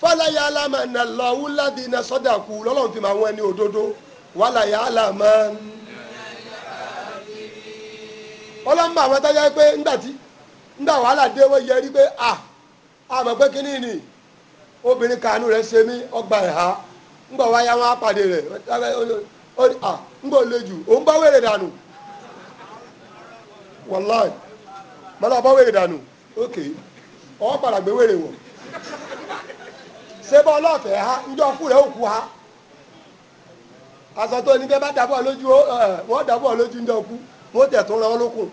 fọláyà alámànà nà ládìínà sọ́dàkù lọ́lọ́run fi máa wọ́n ẹni òdodo wàláyà alámà. ọlọ́mọ àwọn táyà pé ńgbà tí ńgbà wàhálà dé wọ́n yẹrí pé à àmọ̀ pé kíní ni obìnrin kanu rẹ̀ ṣe mí ọgbà ẹ̀há ńgbà wáyà wọn apàdé rẹ̀ ńgbà jù òun bá dànù wàláì mọ́lá bá dànù ókè sẹ́bọ̀ ọlọ́fẹ̀ẹ́ ha njọ́ kú rẹ̀ òkú ha aṣọ tó ní bẹ́ẹ̀ bá dàbọ̀ lójú ẹ̀ wọ́n dàbọ̀ lójú njọ́ kú wọ́n tẹ̀ tó ràn ọ́ lókun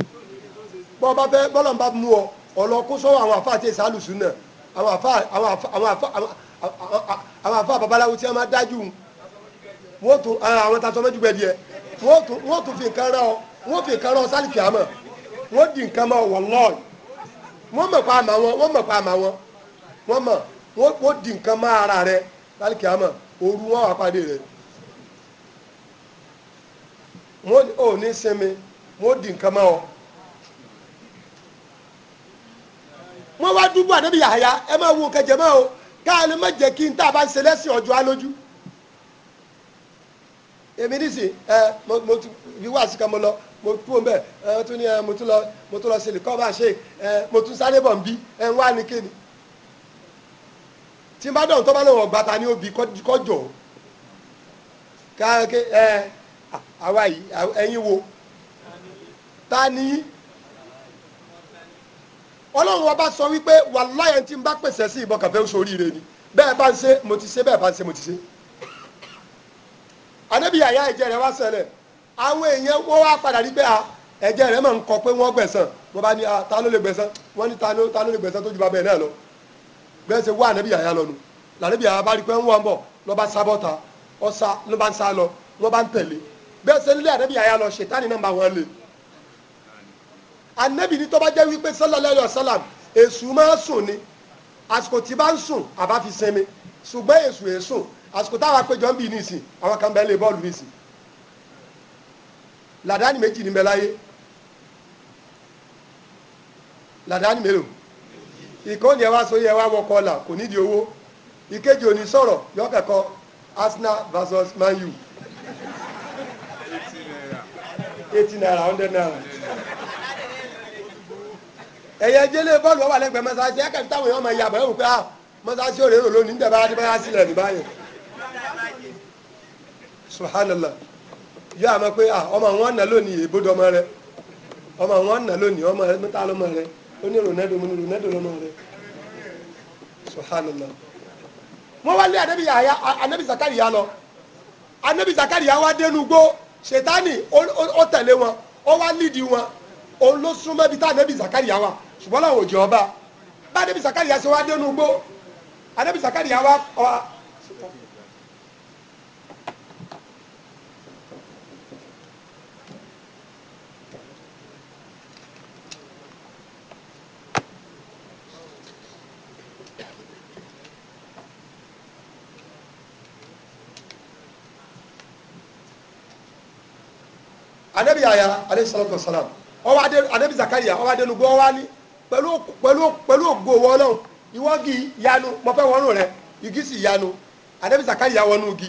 bọ́ bá fẹ́ bọ́lọ̀ ń bá mú ọ ọlọ́kóso àwọn àfa àti ìsàlùsù náà àwọn àfa àwọn àfa àwọn àfa àwọn àfa babaláwo tí wọ́n máa dájú wọ́n tún àwọn tatọ́ mẹ́jú gbẹ̀dì ẹ̀ wọ́n tún fi nǹkan rán ọ wọ́n fi nǹkan rán ọ sálìkì àmọ́ wọ́n di nǹkan mọ́ wọ́n lọ́ọ̀ wọ́n mọ̀ pa àmà wọn wọ́n mọ̀ pa àmà wọn wọ́n mọ̀ wọ́n di nǹkan mọ́ ara rẹ lálùkì àmọ́ òru wọn wà pàdé rẹ wọn ò ní sinmi wọn di nǹkan mọ́ ọ. wọ́n wá dúró ànábì Yahaya ẹ máa wo kẹjẹ mọ́ o káàlì má jẹ́ kí n tá a bá ń ṣe lẹ́sìn ọjọ́ alójú èmi nísì ẹ mo tún fi wá síkà mo lọ mo kú òun bẹ ẹ mo tún ní ẹ mo tún lọ mo tún lọ sílẹ̀ kọ́ bá ṣe ẹ mo tún sáré bọ̀ ń bí ẹ ń wá ní kéde tí n bá dọ̀n tó bá lọ́wọ́ gbàtà ní obì kọjọ káàkiri ẹ àwa yìí ẹyin wo ta ni ọlọ́run ọba sọ wípé wàláyé tí n bá pèsè sí ìbọn kàfẹ́ sóríire ni bẹ́ẹ̀ bá ń ṣe mo ti ṣe bẹ́ẹ̀ bá ń ṣe mo ti ṣe ànábì àyà ẹ̀jẹ̀ rẹ̀ wá àwọn èèyàn wọ́n wá padà a ẹ̀jẹ̀ rẹ máa ń pé wọ́n wọ́n bá bẹ́ẹ̀ ṣe wá ànábì yàyà lọ́nu lànábì yàyà bá rí pé ń wọ́n bọ̀ lọ́ba sábọ́ta ọ̀sá ló bá ń sá lọ wọ́n bá ń tẹ̀lé bẹ́ẹ̀ ṣe nílé ànábì yàyà lọ ṣètánì náà bá wọn lé ànábì ní tó bá jẹ́ wípé sallallahu alaihi wasallam èṣù máa sùn ni àsìkò tí bá ń sùn àbá fi sinmi ṣùgbọ́n èṣù èṣù àsìkò táwọn apẹjọ ń bì ní àwọn ìkànnì ẹ wá sọ yẹ wá wọkọ ọ̀la kò nídìí owó ìkejì òní sọ̀rọ̀ yọkẹ̀kọ́ Arsenal versus Man U eighty naira hundred naira ẹ̀yẹ jẹ́lé bọ́ọ̀lù wà lẹ́gbẹ̀ẹ́ mọ́sáàsì ẹ̀kẹ́ tí táwọn èèyàn máa yàgbọ́ ẹ̀wò pé ah mọ́sáàsì ò lè rò lónìí níta bá dé báyà sílẹ̀ ní báyìí subhanallah yóò àmọ́ pé ah ọmọ wọn ó ní Ronaldo mo ní Ronaldo lọ́nà rẹ̀ subhanallah wọ́n wá lé anabi yahaya anabi zakariya lọ anabi zakariya wá dénú gbó ṣètánì ó tẹ̀lé wọn ó wá lídìí wọn òun ló súnmọ́ ibi tá anabi zakariya wà ṣùgbọ́n làwọn ò jẹ́ ọba bá anabi zakariya ṣe wá dénú gbó anabi zakariya wá anabi yaya aleyhi salatu wa ọwọ adé anabi zakariya ọwọ adé nugbọ ọwọ ali pẹ̀lú pẹ̀lú ògo wọlọ iwọgi yanu mo wọnú igi si yanu anabi zakariya wọnú igi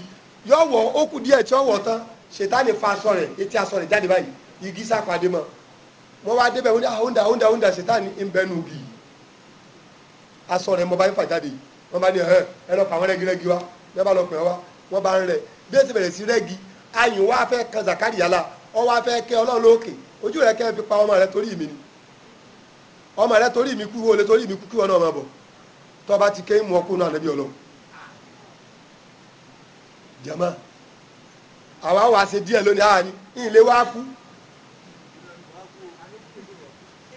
yọ wọ okù díẹ̀ tí wọ tán fa aṣọ rẹ̀ etí aṣọ jáde báyìí igi sàpàdé mọ wá igi aṣọ bá ń fà jáde bá ní ẹ ẹ lọ pa àwọn wa ẹ bá lọ bá ń bí ẹ ti sí ọwọ́ afẹ́ kẹ́ ọlọ́run lókè ojú rẹ̀ kẹ́ fi pa ọmọ rẹ̀ torí mi ni ọmọ rẹ̀ torí mi kú olè torí mi kú kí wọn náà máa bọ̀ tọ́ba ti ké mú ọkùnrin náà lẹ́bí ọlọ́run jama àwa wàá ṣe díẹ̀ lónìí àárín ìlé wa kú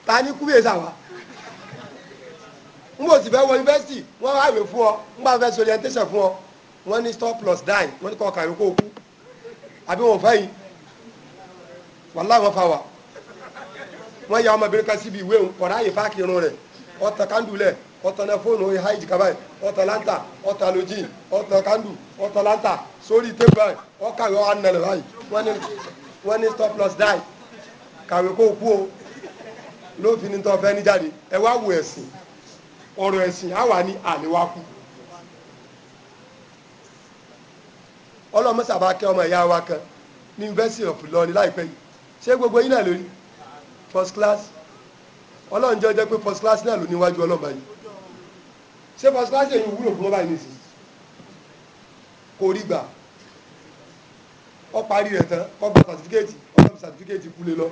ta ní kú yéé sàwà n kò sì fẹ́ wọ yunifásitì wọ́n wá ìwé fún ọ n bá fẹ́ sọ orientation fún ọ wọ́n ní stop plus die wọ́n ní kọ́ kàwé kó o kú àbí wọn fẹ́ yìí. wàláhì wọn fa wa wọn ya ọmọbìnrin kan síbi ìwé kọ̀ọ̀dá yìí fáàkì irun ọtọ kandu kándùlẹ̀ ọtọ náà fóònù oyè háìjì kaba yìí ọtọ láńtà ọtọ lójì ọtọ kándù sórí tébù báyìí ọ̀kàwé wa nàlẹ̀ báyìí wọ́n ní stop loss die kàwé kó kú o lófin ní tọ́ fẹ́ ní jáde ẹ wá ẹ̀sìn ọ̀rọ̀ ẹ̀sìn á wà ní kú ọmọ wa kan ní university of yìí ṣé gbogbo yín náà lórí first class ọlọ́run jẹ́ jẹ́ pé first class náà ló níwájú ọlọ́run báyìí ṣé first class èyí wúlò fún ọba yìí nìsín kò rí gbà ọ parí rẹ̀ tán kọ́ gba sàtífíkẹ́ẹ̀tì ọlọ́run sàtífíkẹ́ẹ̀tì kúlé lọ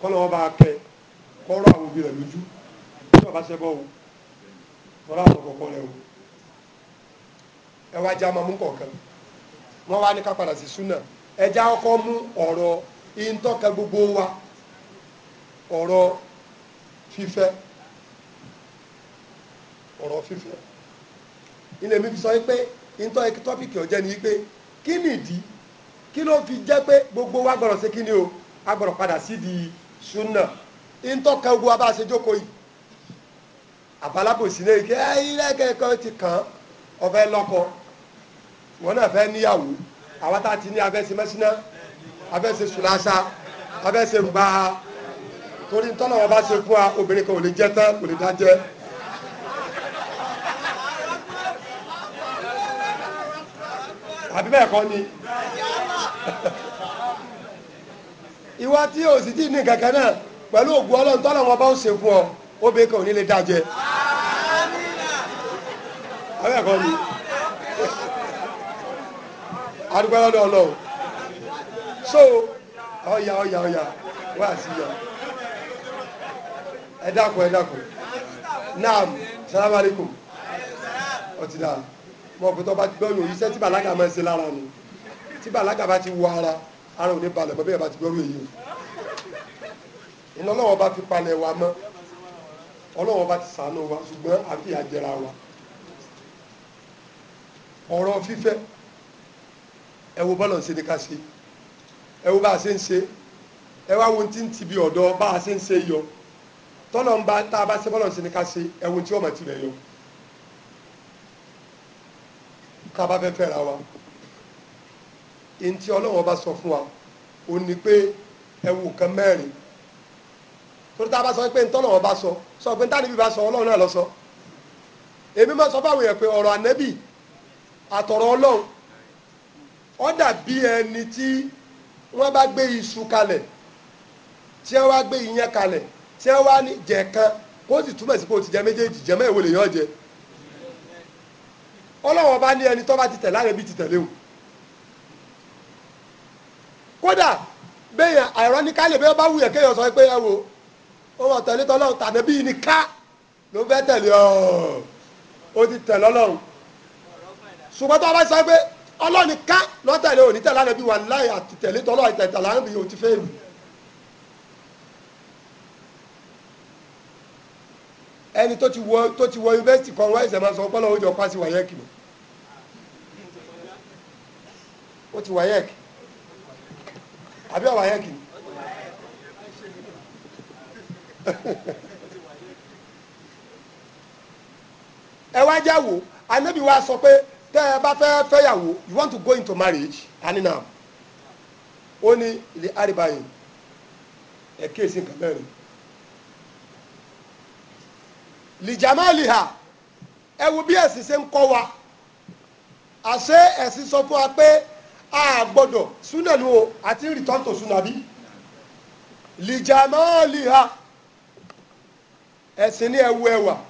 kọ́ lọ́wọ́ bá kẹ kọ́ rọ àwọn òbí rẹ̀ lójú tí ọba ṣẹ́bọ̀ o ọ̀rọ̀ àwọn kọ̀ọ̀kan rẹ̀ o ẹ wá já máa mú kọ̀ọ̀kan wọ́n wá ní ká padà sí súnà ẹ já ọkọ mú ọ̀rọ̀ ìntọ́ka gbogbo wa ọ̀rọ̀ fífẹ́ ọ̀rọ̀ fífẹ́ ilẹ̀ mi fi sọ pé ìntọ́ tọ́pìkì ọ̀jẹ́ ni pé kí nìdí kí ló fi jẹ́ pé gbogbo wa gbọ́dọ̀ ṣe kí ni o a gbọ́dọ̀ padà sí di sunna ìntọ́ka gbogbo wa bá a ṣe jókòó yìí àbálábòsí lè ké ilé kẹ́kọ̀ọ́ ti kàn án ọ̀fẹ́ lọ́kọ wọn náà fẹ́ níyàwó àwọn tá a ti ní abẹ́sí mẹ́sínà afẹ́ ṣe sùlásà afẹ́ ṣe gbà á torí tọ́lọ̀ wọn bá ṣe fún wa obìnrin kan ò lè jẹ tán kò lè dájẹ́. àbí bẹ́ẹ̀ kọ́ ni ìwà tí o sì ti ní kankan náà pẹ̀lú ògùn ọlọ́run tọ́lọ̀ wọn bá ń ṣe fún ọ obìnrin kan ò ní lè dájẹ́. àbí bẹ́ẹ̀ kọ́ ni adúgbò lọ́dọ̀ ọlọ́run so ọ̀yà ọ̀yà ọ̀yà wá sí yà ẹ dákun ẹ dákun naam salaam aleykum ọtí dáa mo kò tó bá ti gbọ́yò iṣẹ́ tí bàlágà máa ń ṣe lára ni tí bàlágà bá ti wọ ara ara ò ní balẹ̀ bọ́ bí ẹ bá ti gbọ́rò èyí iná lọ́wọ́ bá fi palẹ̀ wa mọ́ ọlọ́wọ́ bá ti sànú wa ṣùgbọ́n àfi àjẹra wa ọ̀rọ̀ fífẹ́ ẹ wo bọ́lọ̀ ń ṣe ní ká ṣe ẹ wo bá a ṣe ń ṣe ẹ wá wo ti ń ti bi ọ̀dọ́ bá a ṣe ń ṣe yọ tọ́lọ̀ ń bá tá a bá ṣe bọ́lọ̀ ń ṣe ni ká ṣe ẹ wo tí ọmọ ti bẹ̀ yọ tá a bá fẹ́ fẹ́ra wa èyí tí ọlọ́wọ́n bá sọ fún wa ò ní pé ẹ wo nǹkan mẹ́rin torí bá sọ pé ntọ́lọ́wọ́n bá sọ sọ pé ntánibí bá sọ ọlọ́run náà lọ sọ èmi máa sọ fáwọn èèyàn pé ọ̀rọ̀ ànẹ́bì àtọ̀rọ̀ ọlọ́run ó dà ẹni tí wọ́n bá gbé iṣu kalẹ̀ tí wọ́n wá gbé iyán kalẹ̀ tí wọ́n wá ní jẹ kan kó sì túmọ̀ sí pé o ti jẹ méjèèjì jẹ mẹ́rin wo lè yàn jẹ ọlọ́wọ́n bá ní ẹni tó bá ti tẹ̀ láre bí ti tẹ̀lé o kódà bẹ́yàn ironically bẹ́ẹ̀ bá wuyàn kéèyàn sọ pé ẹ wo ọmọ tẹ̀lé tọ́lọ́run tàbí bíi ní ká ló fẹ́ tẹ̀lé ọ́ ó ti tẹ̀lé ọlọ́run ṣùgbọ́n tó a bá sọ pé ọlọ́ni ká lọ́tẹ̀lẹ́ òní tẹ̀lé ànábì wà láì àtìtẹ̀lé tọ́lọ́ àtẹ̀tẹ̀lé ànábì yóò ti fẹ́ lù. ẹni tó ti wọ tó ti wọ yunifásitì kan wọ́n ẹ̀sẹ̀ máa sọ pọ́nlọ́ òjò pàṣẹ wáyẹ́kì ni ó ti wáyẹ́kì àbí ọ̀wáyẹ́kì ni *laughs* ẹ wá jáwó ànábì sọ pé tẹ́ ẹ bá fẹ́ fẹ́yàwó you want to go into marriage anina ó ní ilé àríbáyé ẹ kíyèsí nǹkan mẹ́rin lìjàmáàlìhà ẹ wo bí ẹ̀sìn ṣe ń kọ́ wa àṣé ẹ̀sìn sọ fún wa pé a gbọ́dọ̀ súnà nu o àti return to súnà bí lìjàmáàlìhà ẹ̀sìn ní ẹ wo ẹwà. E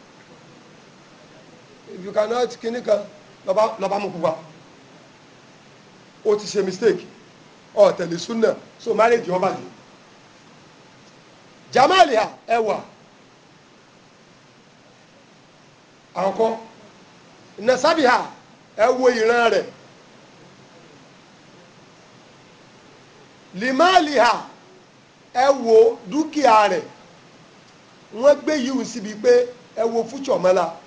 if you cannot kíní kan lọ́ba mú pupa ó ti ṣe mistake ó tẹ̀lé súnà so marriage ọba jù jamalia ẹwà àkọ́kọ́ nasabiha ẹ wo ìran rẹ̀ limaliha ẹ wo dúkìá rẹ̀ wọ́n gbé yìí síbi pé ẹ wo fúchọ̀mọ́la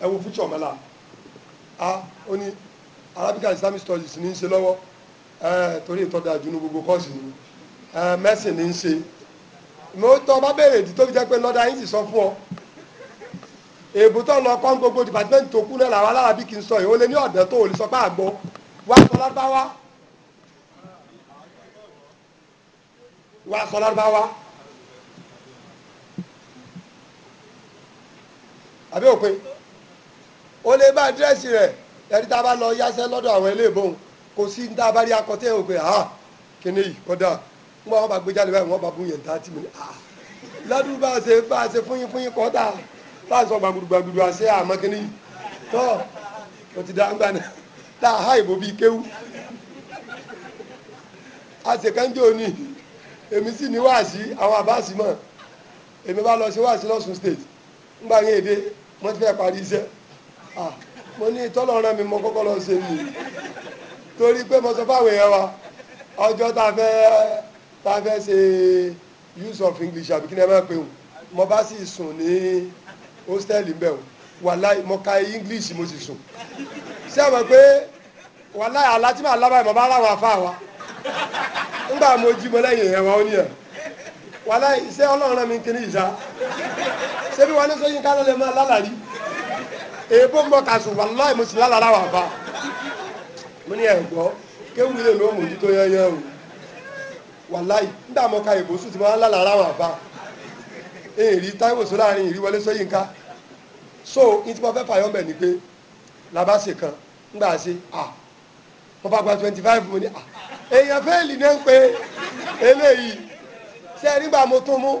ẹ wo fíjọ mẹ́la a ó ní Arabic and Islamic studies ní í ṣe lọ́wọ́ ẹ torí ìtọ́jú àjùnú gbogbo kọ́ọ̀sì ni ẹ mẹ́sìn ní í ṣe mo tọ́ bá béèrè ìdí tó fi jẹ́ pé lọ́dà yín sì sọ fún ọ èbò tó lọ kọ́ gbogbo department tó kú náà làwọn alábí kì í sọ yìí ó lé ní ọ̀dọ́ tó ò lè sọ pé àgbọ̀ wá sọ lárúbáwá wá sọ lárúbáwá àbí òpin. o lè bá dírẹ́sì rẹ̀ ẹni tá a bá lọ yáṣẹ́ lọ́dọ̀ àwọn eléèbóhùn kò sí ní tá a bá rí akọ tẹ́ ò pé ah kíni yìí kódà ńgbà wọn bá gbé jáde báyìí wọn bá bú yẹn ah, bá ṣe bá ṣe fúnyín fúnyín bá gbàgbùdù gbàgbùdù àṣẹ ah, àmọ́ kíni yìí tọ́ o ti dáńgbà náà tá a ìbò bíi kéwú ni èmi sì bá lọ ṣe wáàsí lọ́sùn state yẹn èdè Ah, mo ní tọ́lọ́run mi mo kọ́kọ́ lọ ṣe torí pé mo sọ fáwọn wa ọjọ́ ta fẹ́ ṣe use of english àbí kí ni ẹ máa o mo bá sì sùn ní hóstẹ́ẹ̀lì o mo ka english mo sì sùn ṣé pé wàláì alátìmọ alábàáyé mo bá afá wa mo jí mo lẹ́yìn ó ní ṣé Ọlọ́run mi kiri ìṣá ṣé bí wọn ní ká lè máa ebo mbọ ka sùn wàlúwà mùsùlùmí alára wà bá mo ní ẹ̀gbọ́ kéwìlẹ̀ ló mú ojútó yẹyẹ o wàláì nígbà mọ ka èbó sùn tí wọn lára wà bá èrí táìwò sọ láàrin ìrí wọlé sọyìnká so ní tí wọn ni kan ṣe à wọn bá gba twenty five mo ní à èèyàn fẹ́ lì ń eléyìí nígbà mo tún mú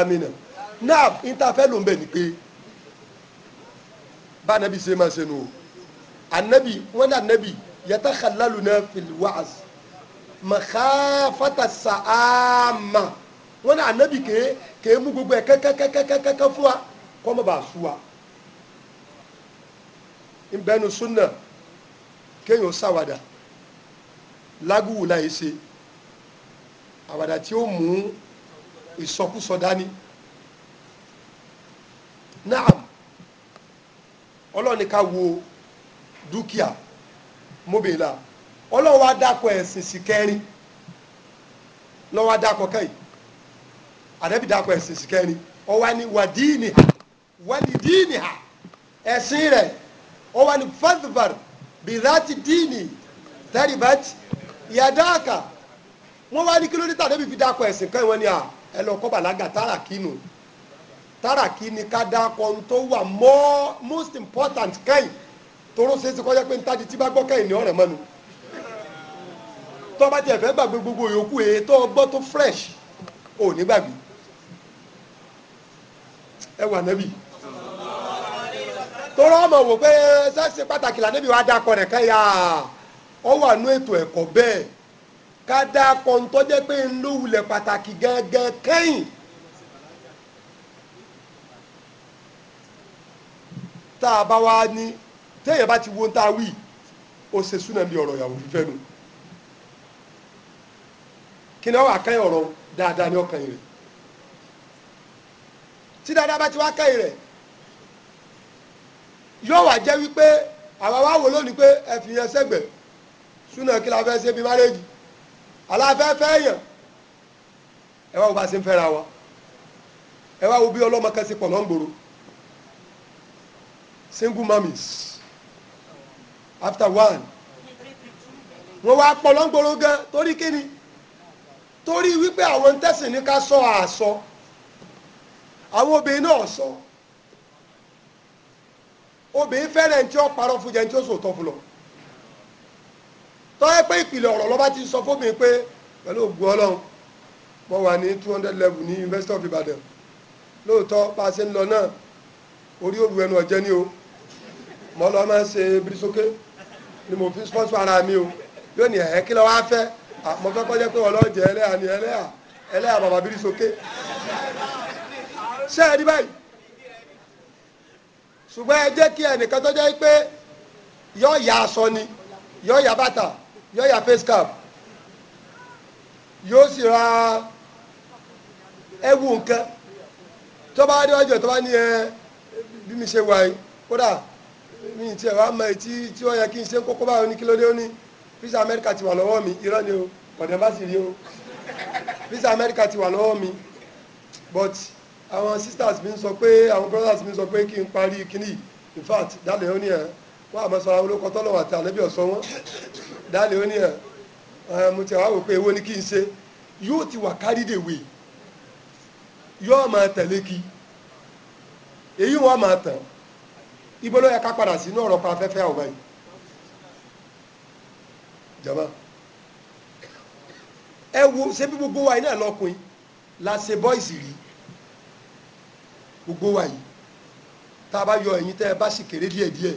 amina nab intafẹ́ ló ń bẹ̀ ni pé bá anabi ṣe máa ṣe nù o anabi wọn ní anabi yàtọ̀ xalalu náà fil wáàz màkàfàtà sàámà wọn ní anabi kèé kèé mú gbogbo ẹ kẹkẹkẹkẹkẹ fún wa kọ́mọ bá su wa nbẹnu sunna kéèyàn ṣàwàdà lágùwù láyé ṣe àwàdà tí ó mú ìsọkúsọ dání naam ọlọ́run ní ká wo dúkìá mobila ọlọ́run wá dákọ̀ ẹ̀sìn sí kẹrin lọ́wọ́ wá dákọ̀ kẹ́yìn àdẹ́bí dákọ̀ ẹ̀sìn sí kẹrin ó wá ní wàdíìnì ha wàlídìínì ha ẹ̀sìn rẹ̀ ó wá ní fadhbar bìláti díìnì tẹ́rìbẹ́tì ìyàdáàkà wọ́n wá ní kí ló dé tàdébí fi dákọ̀ ẹ̀sìn kẹ́yìn wọ́n ní à ẹ lọ kọ́ bàlágà tàràkì nù tàràkì ni ká dá kan tó wà more most important kẹ́yìn toró ṣeéṣe kọjá pé ntájí tí bá gbọ́ kẹ́yìn ni ọ̀rẹ́ mọ́nu tọ́ba tiẹ̀ fẹ́ gbàgbé gbogbo yòókù èyí tó gbọ́ tó fresh ò ní gbàgbé ẹ wà nẹ́bí tọ́rọ ọmọ wò pé ṣáṣe pàtàkì là nẹ́bí wàá dá akọ rẹ̀ kẹ́yà ọ wà nú ètò ẹ̀kọ́ bẹ́ẹ̀ ká dáa kọ́ ń tọ́jẹ́ pé ń ló wulẹ̀ pàtàkì gangan kẹ́yìn tá a bá wá ní téèyàn bá ti wo tá a wí ó ṣe súnà bí ọ̀rọ̀ ìyàwó fífẹ́ nu kí ni wọ́n wà kẹ́yìn ọ̀rọ̀ dáadáa ní ọkàn rẹ̀ tí dáadáa bá ti wá kẹ́yìn rẹ̀ yóò wá jẹ́ wípé àwa wá wò lónìí pé ẹ sẹ́gbẹ̀ẹ́ súnà kí la fẹ́ ṣe bí márẹ́jì aláfẹ́fẹ́ yàn ẹ wá wo bá a ṣe ń fẹ́ra wa ẹ wá wo bí ọlọ́mọ kan ṣe pọ̀ ń gbòòrò single mummies after one wọ́n wá pọ̀ lọ́ngbòòrò gan torí kíni torí wípé àwọn ń tẹ̀sìn ní ká sọ àsọ àwọn obìnrin náà sọ obìnrin fẹ́rẹ̀ ń tí ó parọ́ fún jẹ́ ń tí ó sòótọ́ fún lọ tọ́yẹ pé ìpìlẹ̀ ọ̀rọ̀ lọ́ba ti sọ fún mi pé pẹ̀lú ògùn ọlọ́run mo wà ní two hundred level ní University of Ibadan lóòótọ́ bá a ṣe ń lọ náà orí òru ẹnu ọ̀jẹ́ ni o mo lọ máa ń ṣe bírísókè ni mo fi sponsor ara mi o yóò ní ẹ̀ẹ́ kí lọ wá fẹ́ mo fẹ́ kọ́jẹ́ pé ọlọ́jẹ́ ẹlẹ́yà ni ẹlẹ́yà ẹlẹ́yà bàbá bírísókè ṣé ẹ rí báyìí ṣùgbọ́n ẹ jẹ́ kí ẹnìkan tó jẹ́ pé yọ̀ọ́ yà aṣọ ni yọ̀ọ́ yà bàtà yóò ya face cap yóò sì ra ẹ̀wù nǹkan tó bá déwájú ẹ̀ tó bá ní ẹ bí mi ṣe wà yìí kódà mi ti ẹ̀ wá mọ etí tí wọ́n yẹ kí n ṣe kókó báyìí ní kílódé ó ní visa America ti wà lọ́wọ́ mi irọ́ ni o kọ̀dẹ̀ bá sì rí o visa Amẹ́ríkà ti wà lọ́wọ́ mi but àwọn sisters mi ń sọ pé àwọn brothers mi ń sọ pé kí n parí kíní in fact dálẹ̀ ó ní ẹ̀ wọ́n àmọ́ sọ àwọn olókọ́ tọ́lọ̀ àti ànábì ọ̀sọ́ wọn dáàlì ó ní ẹ̀ mo ti wá wò pé èwo ni kí n ṣe yóò ti wà carried away yóò máa tẹ̀lé kí èyí wọn máa tàn ibo ló yẹ ká padà sínú ọ̀rọ̀ pa afẹ́fẹ́ àwọn báyìí jọba ẹ wo ṣé bí gbogbo wa yìí náà lọkùnrin la ṣe bọ́ìsì rí gbogbo wa yìí tá a bá yọ ẹ̀yin tẹ́ ẹ bá sì kéré díẹ̀díẹ̀.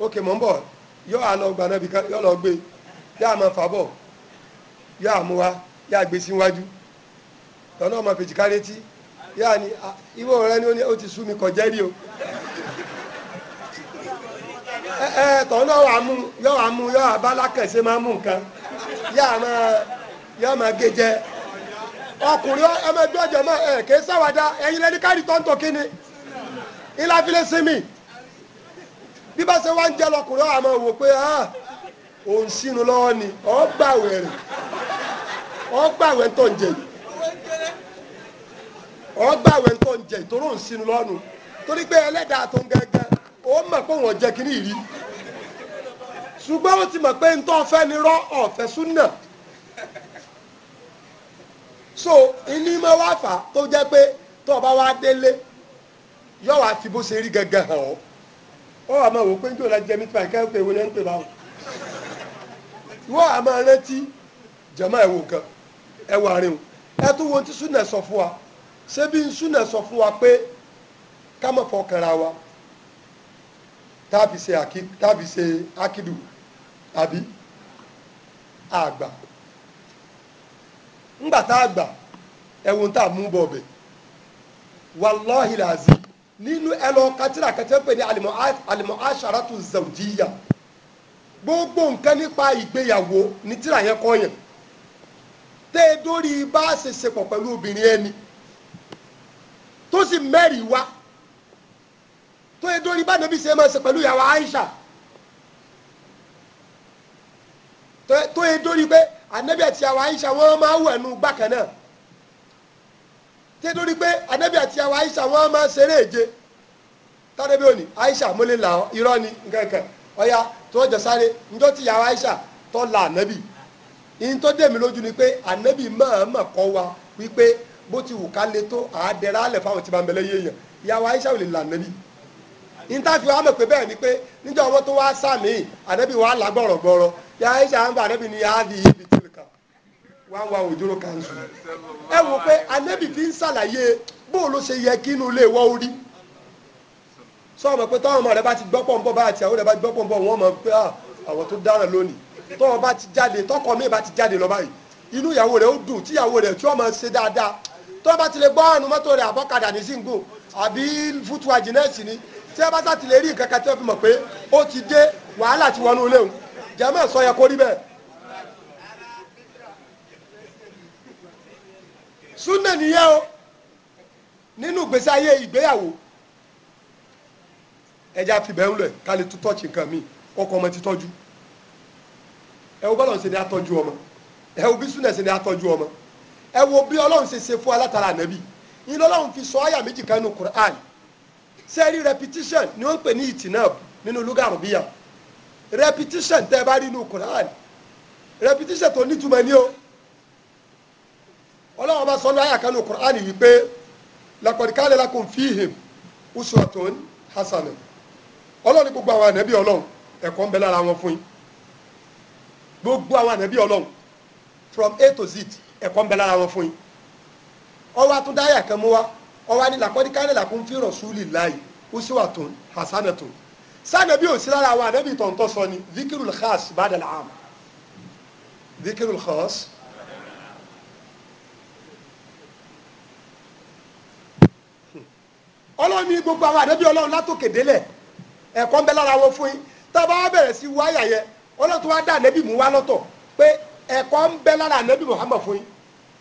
ok mọ̀ yọọ bọ̀ yọ àlọ́ gbaná bí ya yọ lọ gbé yọ àmọ́ fàbọ̀ yọ àmúwa yọ àgbé síwájú lọ́nà ọmọ fèjì kárétí yọ àní ìwọ rẹ ni ó ti sú mi kọjá rí o ẹ ẹ tọ́hún náà wà mú yọ wà mú yọ àbálákẹ̀sé máa mú nǹkan yọ àmọ́ yọ àmọ́ gé jẹ ọkùnrin ẹmẹgbẹ́ ọjọ́ mọ́ ẹ̀ kì í sáwádà ẹ̀yin kí ni sinmi. bí bá ṣe wá ń jẹ lọkùnrin ọ̀hún àmọ́ wò pé ah, òun sínú ni ọ̀ gbàwẹ̀ rẹ̀ ọ̀ gbàwẹ̀ tó ń jẹ yìí ọ̀ gbàwẹ̀ tó ń jẹ yìí torí òun sínú lọ́nu torí pé ẹlẹ́dàá tó ń gẹ́gẹ́ ó mọ̀ pé òun ọ̀jẹ̀ kìíní rí ṣùgbọ́n ó ti mọ̀ pé ọ̀fẹ́ ni rọ́ ọ̀fẹ́ súnà so ìní mọ́ wá fà tó jẹ́ pé tó o bá wá ó wà máa wò pé njó la jẹ mí pa nǹkan pé wo ni ń pè báwọn wọ́n à máa rántí jẹ̀mọ́ ẹ̀ wò kan ẹ̀ wà rìn ẹ tún wo ti súnà sọ fún wa ṣé bí súnà sọ fún wa pé ká mọ̀ fọkànra wa táàbì ṣe táàbì ṣe ákìdù àbí àgbà ńgbà tá àgbà ẹ̀wọ̀n tá a mú bọ̀ bẹ̀ wàlọ́hìlàzì nínú ẹlọ katira kẹtẹ pé ní alimọ asharatu zawjiya gbogbo nǹkan nípa ìgbéyàwó ní tíra yẹn kọyàn tẹ ẹ dórí bá a ṣe ṣepọ̀ pẹ̀lú obìnrin ẹni tó sì mẹ́rìí wá tó ẹ dórí bá nàbí ṣe máa ṣe pẹ̀lú ìyàwó Aisha tó ẹ dórí pé ànábì àti ìyàwó Aisha wọ́n máa wẹ̀ nù gbàkan náà tí torí pé anabi àti àwọn aisha wọn máa ṣeré èje tàdébí òní aisha mọ́lẹ̀ là ọ́ irọ́ ni nkankan ọ̀ya tó jọ sáré njọ́ ti yàrá aisha tó la anabi ìyìn tó dẹ̀ mí lójú ni pé anabi máa mà kọ́ wa wípé bó ti wù ká le tó àádẹ́rẹ́ alẹ̀ fáwọn tí bá ń bẹ̀lẹ́ yéèyàn yàrá aisha ò lè la anabi ìyìn tá a fi wá mọ̀ pé bẹ́ẹ̀ ni pé níjọ́ wọn tó wá sàmì anabi wà lágbọ̀rọ̀gbọ̀rọ̀ yàrá aisha ń bá anabi ni yàrá di ibi tìlùkà wá wá òjòrò kanṣu ẹ wò pé anẹ́bì fi ń ṣàlàyé bó ló ṣe yẹ kí inú ilé wọ́ orí sọ́ọ̀mọ̀ pé tọ́wọ́n ọmọ rẹ bá ti gbọ́ pọ̀ ń bọ̀ bá àti àwọn rẹ bá ti gbọ́ pọ̀ ń bọ̀ wọ́n mọ̀ pé ah, àwọn tó dára lónìí tọ́wọ́n bá ti jáde tọkọ mi bá ti jáde lọ báyìí inú ìyàwó rẹ ó dùn tí ìyàwó rẹ tí ọmọ ṣe dáadáa tọ́wọ́n bá ti lè gbọ́ àrùn mọ́tò rẹ àbọ̀kadà ní zingo àbí fútu àjìnẹ́sì ni tí ẹ bá sá ti lè rí nǹkan kan tí wọ́n fi mọ̀ pé ó ti dé wàhálà ti wọnú ilé òun jẹ́mọ̀ sọ yẹ kó rí bẹ́ẹ̀ súnà nìyẹn o nínú ìgbésí ayé ìgbéyàwó ẹja fìbẹ́ ńlẹ̀ ká lè tún tọ́ọ̀chì nǹkan míì ọkọ ọmọ ti tọ́jú ẹ wo bọ́lọ̀ ń ṣe ni atọ́jú ọmọ ẹ wo bí súnà ṣe ni atọ́jú ọmọ ẹ wo bí ọlọ́run ṣe ṣe fún alátara ànábì yín lọ́lọ́run fi sọ àyà méjì kan nínú Quran sẹ́ẹ̀rí repetition ni wọ́n ń pè ní ìtìnàb nínú lugha Arabiya repetition tẹ́ ẹ bá rí nínú Quran repetition tó nítumọ̀ ni o ọlọ́run bá sọ́nà àyà kanú kùránì wípé lakọ̀dìkálẹ̀ lakùn fíhìm uswatun hasanah ọlọ́run ní gbogbo àwọn ànábì ọlọ́run ẹ̀kọ́ ń bẹ lára wọn fún yín gbogbo àwọn ànábì ọlọ́run from a to z ẹ̀kọ́ ń bẹ lára wọn fún yín ọwọ́ àtúndá àyà kan mú wa ọwọ́ àní lakọ̀dìkálẹ̀ lakùn fi rasulillahi uswatun hasanatun sanabi ò sí lára àwọn ànábì tọ̀ntọ̀ sọ ni zikirul khas badal am zikirul khas. ọlọ́run ní gbogbo àwọn àdébí ọlọ́run látòkè délẹ̀ ẹ̀kọ́ ń bẹ lára wọn fún yín tá a bá bẹ̀rẹ̀ sí wáyà yẹ ọlọ́run tó wá dá mú wá lọ́tọ̀ pé ẹ̀kọ́ ń bẹ lára ànábì fún yín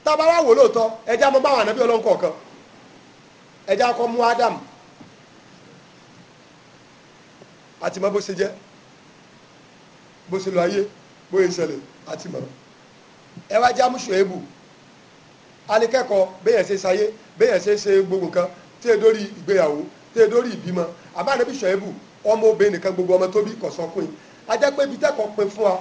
tá a bá wá wò lóòótọ́ ẹja mọ báwọn ànábì ọlọ́run kọ̀ọ̀kan ẹja kọ́ mú Adam àti mọ bó gbogbo tí e dórí ìgbéyàwó tí e dórí ìbímọ àbárabi ṣòyébù ọmọ obìnrin nìkan gbogbo ọmọ tó bí kọ̀sán pin ajẹ́ pé ibi tẹ́kọ̀ pin fún wa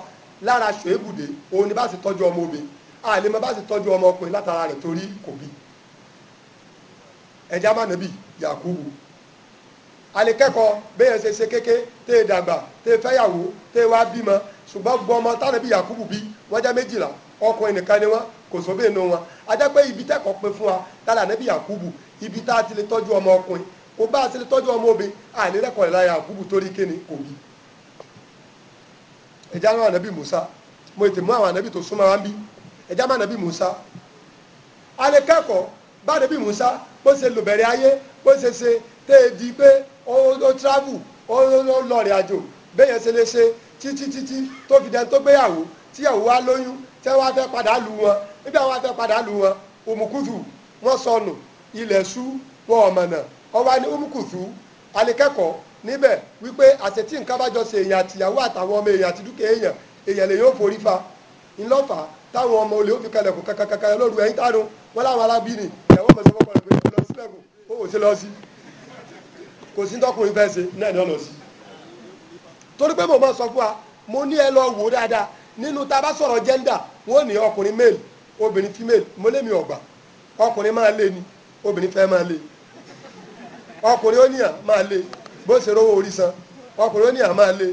lára ṣòyébù dé òun ni bá sì tọ́jú ọmọ obìnrin àlè mọ bá sì tọ́jú ọmọ ọkùnrin látara rẹ̀ torí kò bí ẹja má nàbì Yakubu alekẹ́kọ̀ọ́ bẹ́ẹ̀ ṣe ṣe kéke tẹ́ ẹ dàgbà tẹ́ ẹ fẹ́yàwó tẹ́ ẹ wá bímọ ṣùgbọ́n gbọ́ ọmọ tánàbí Yakubu bí wọ́n jẹ́ méjìlá ọkùnrin nìkan ni wọ́n kò sóbè nù wọn ajá pé ibi tẹ́kọ̀ọ́ pé fún wa tálà nàbí Yakubu ibi tá a ti lè tọ́jú ọmọ ọkùnrin kò bá a ti lè tọ́jú ọmọ obìnrin àìlérẹ́kọ̀ọ́ rẹ̀ láyà àbúbù torí kéne kò rí ẹ̀já náà ànábì Musa mo ètè mú àwọn ànábì tó súnmọ́ wa ń bí ẹ̀já má ànábì Musa alẹ́ kẹ́kọ̀ọ́ bá ànábì Musa bó ṣe lò bẹ̀rẹ̀ ayé bó ṣe ṣe tẹ́ ẹ di pé ó travel ó lọ rìn àjò bẹ́ẹ̀ yẹn ṣe lè ṣe títí títí tó fi dẹ́n tó gbéyàwó tíyàwó wa lóyún tẹ́ wá fẹ́ padà lù wọn níbi àwọn afẹ́ padà lù wọn òmùkútù wọn sọnù ilẹ̀ su wọn ọ̀mọ̀nà ọwọ́ ni umukutu alikẹ́kọ̀ọ́ níbẹ̀ wípé àṣetí nǹkan bá ṣe èèyàn àtìyàwó àtàwọn ọmọ èèyàn àti èèyàn èèyàn lè yóò forí fa ńlọ́fà táwọn ọmọ olè ó fi kalẹ̀kùn ẹ̀yìn tánu wọn ọmọ ni a bá sọ̀rọ̀ gender male obìnrin female obìnrin fẹ́ máa le ọkùnrin oníyàn máa le bó ṣe rówó orí san ọkùnrin oníyàn máa le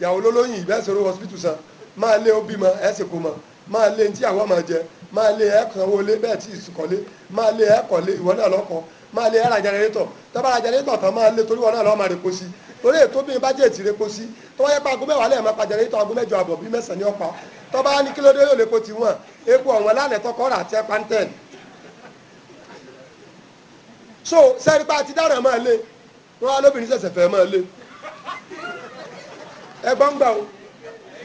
ìyàwó lólóyìn ìbẹ́ ṣe rówó hospital san máa lé ó bímọ ẹ sì kó mọ máa lé ní tí àwọn máa jẹ máa lé ẹ sanwó lé bẹ́ẹ̀ tí ìsìkọ́lé máa lé ẹ kọ́lé ìwọ náà lọ́kọ́ máa lé ẹ ra jẹnẹrétọ̀ tọ́ba ra jẹnẹrétọ̀ tán máa lé torí wọn náà lọ́ọ́ máa repo sí torí ètò bí bájẹ̀tì repo sí tọ́ba yẹ pa agúnmẹ́wàá lẹ́yìn máa pa jẹnẹrétọ̀ agúnmẹ́jọ àbọ̀ bí mẹ́sàn-án ní ọ̀pá tọ́ba ní kílódé yóò lè po tiwọn epo ọ̀wọ́n lánàá tọkọ́ rà tẹ́ pantẹ́ẹ̀lì so sẹ́rípa àti dára máa lé wọn alóbìnrin ṣẹ̀ṣẹ̀ fẹ́ máa lé ẹgbọ́n gbà o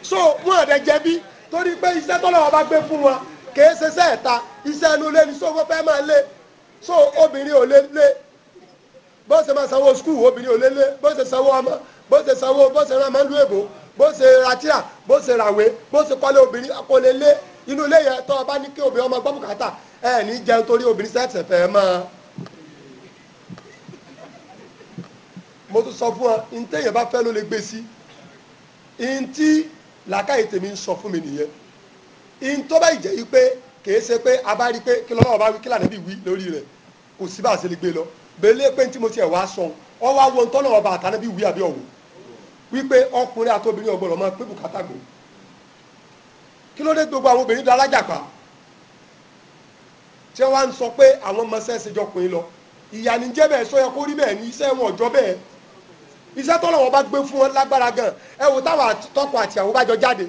so wọn àdẹ jẹ̀bi torí pé iṣẹ́ tọ́lọ́wọ́ bá gbé fún wọn kìí ṣe sẹ́ẹ̀ta iṣẹ́ inú lé ní so wọ́n fẹ́ máa lé so obìnrin ò lé lé bó ṣe máa sanwó skul obìnrin ò lé lé bó ṣe sanwó ọmọ bó ṣe sanwó bó ṣe rán amánú èbó bó ṣe ratira bó ṣe ràwé bó ṣe kọ́lé obìnrin kò lè lé inú ilé yẹn tó o bá ní kí obìnrin ọmọ gbọ́mùkátà ẹ̀ ní jẹun torí obìnrin ṣẹ̀ṣẹ̀ fẹ́ máa mo tún sọ fún ọ ntẹ́yìn bá fẹ́ ló lè gbé sí ntí làákàyè tèmi ń sọ fún mi nìyẹn ntọ́ bá ìjẹ́ yìí pé kìí ṣe pé a bá rí i pé kí lọ́wọ́ bá wí kí lànà bí wí lórí rẹ̀ kò sí bá a ṣe lè gbé lọ bẹ́lẹ́ pé tí mo tiẹ̀ wá sọ ọ wá wo ntọ́ lọ́wọ́ bá àtàná bí wí àbí ọ̀wọ́ wípé ọkùnrin àti obìnrin ọgbọ́dọ̀ máa pé bùkátà gbò kí ló dé gbogbo àwọn obìnrin dára tí wọ́n wá ń sọ pé àwọn ọmọ sẹ́ẹ̀sì jọkùnrin lọ ìyànníjẹ́ bẹ́ẹ̀ sọ yẹ kó rí bẹ́ẹ̀ ní iṣẹ́ wọn ọ̀jọ́ bẹ́ẹ̀ iṣẹ́ tó lọ́wọ́ bá gbé fún wọn lágbára gan ẹ wò táwọn tọkọ àti àwọn bá jọ jáde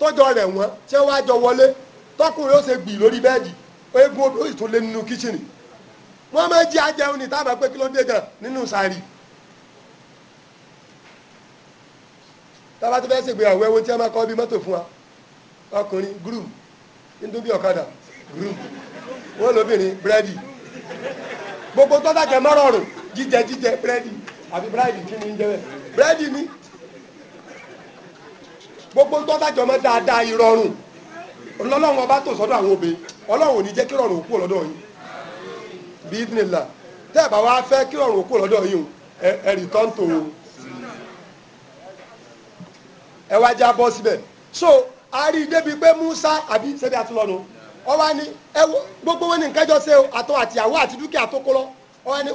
tọ́jọ́ rẹ̀ wọ́n tí wọ́n á jọ wọlé tọkùnrin ó ṣe gbì lórí bẹ́ẹ̀dì eégún odò sì tún lé nínú kíchìnì wọ́n máa jí ajẹun ní táwọn pé kí ló dé gan nínú sàárì. tábà tó fẹ́ ṣègbéyàwó ẹwọ́n tí wọ́n máa kọ́ bí mọ́tò fún wa ọkùnrin groom nítorí bí ọ̀kadà groom wọ́n lóbìnrin búrẹ́dì gbogbo tọ́jà jẹ mọ́rọ̀rùn jíjẹ jíjẹ búrẹ́dì àbí bíráìdì kí ni ń jẹ́ bíráìdì ni gbogbo tọ́tàjọ́ mọ́ dáadáa ìrọ̀rùn ọlọ́run ọba tó sọ́dọ̀ àwọn obìnrin ọlọ́run ò ní jẹ́ kí rọ̀rùn kú lọ́dọ̀ yín bí ìdílé tẹ́ ẹ̀ bá wá fẹ́ kí rọ̀rùn kú lọ́dọ̀ yín ẹ return to ẹ wá já bọ́ síbẹ̀ so a rí i débi pé Musa àbí sẹ́bi àtúlọ́nu ó wá ní gbogbo wọn ní nǹkan jọ ṣe àtọ àtìyàwó àti dúkìá tó kó lọ ó wá ní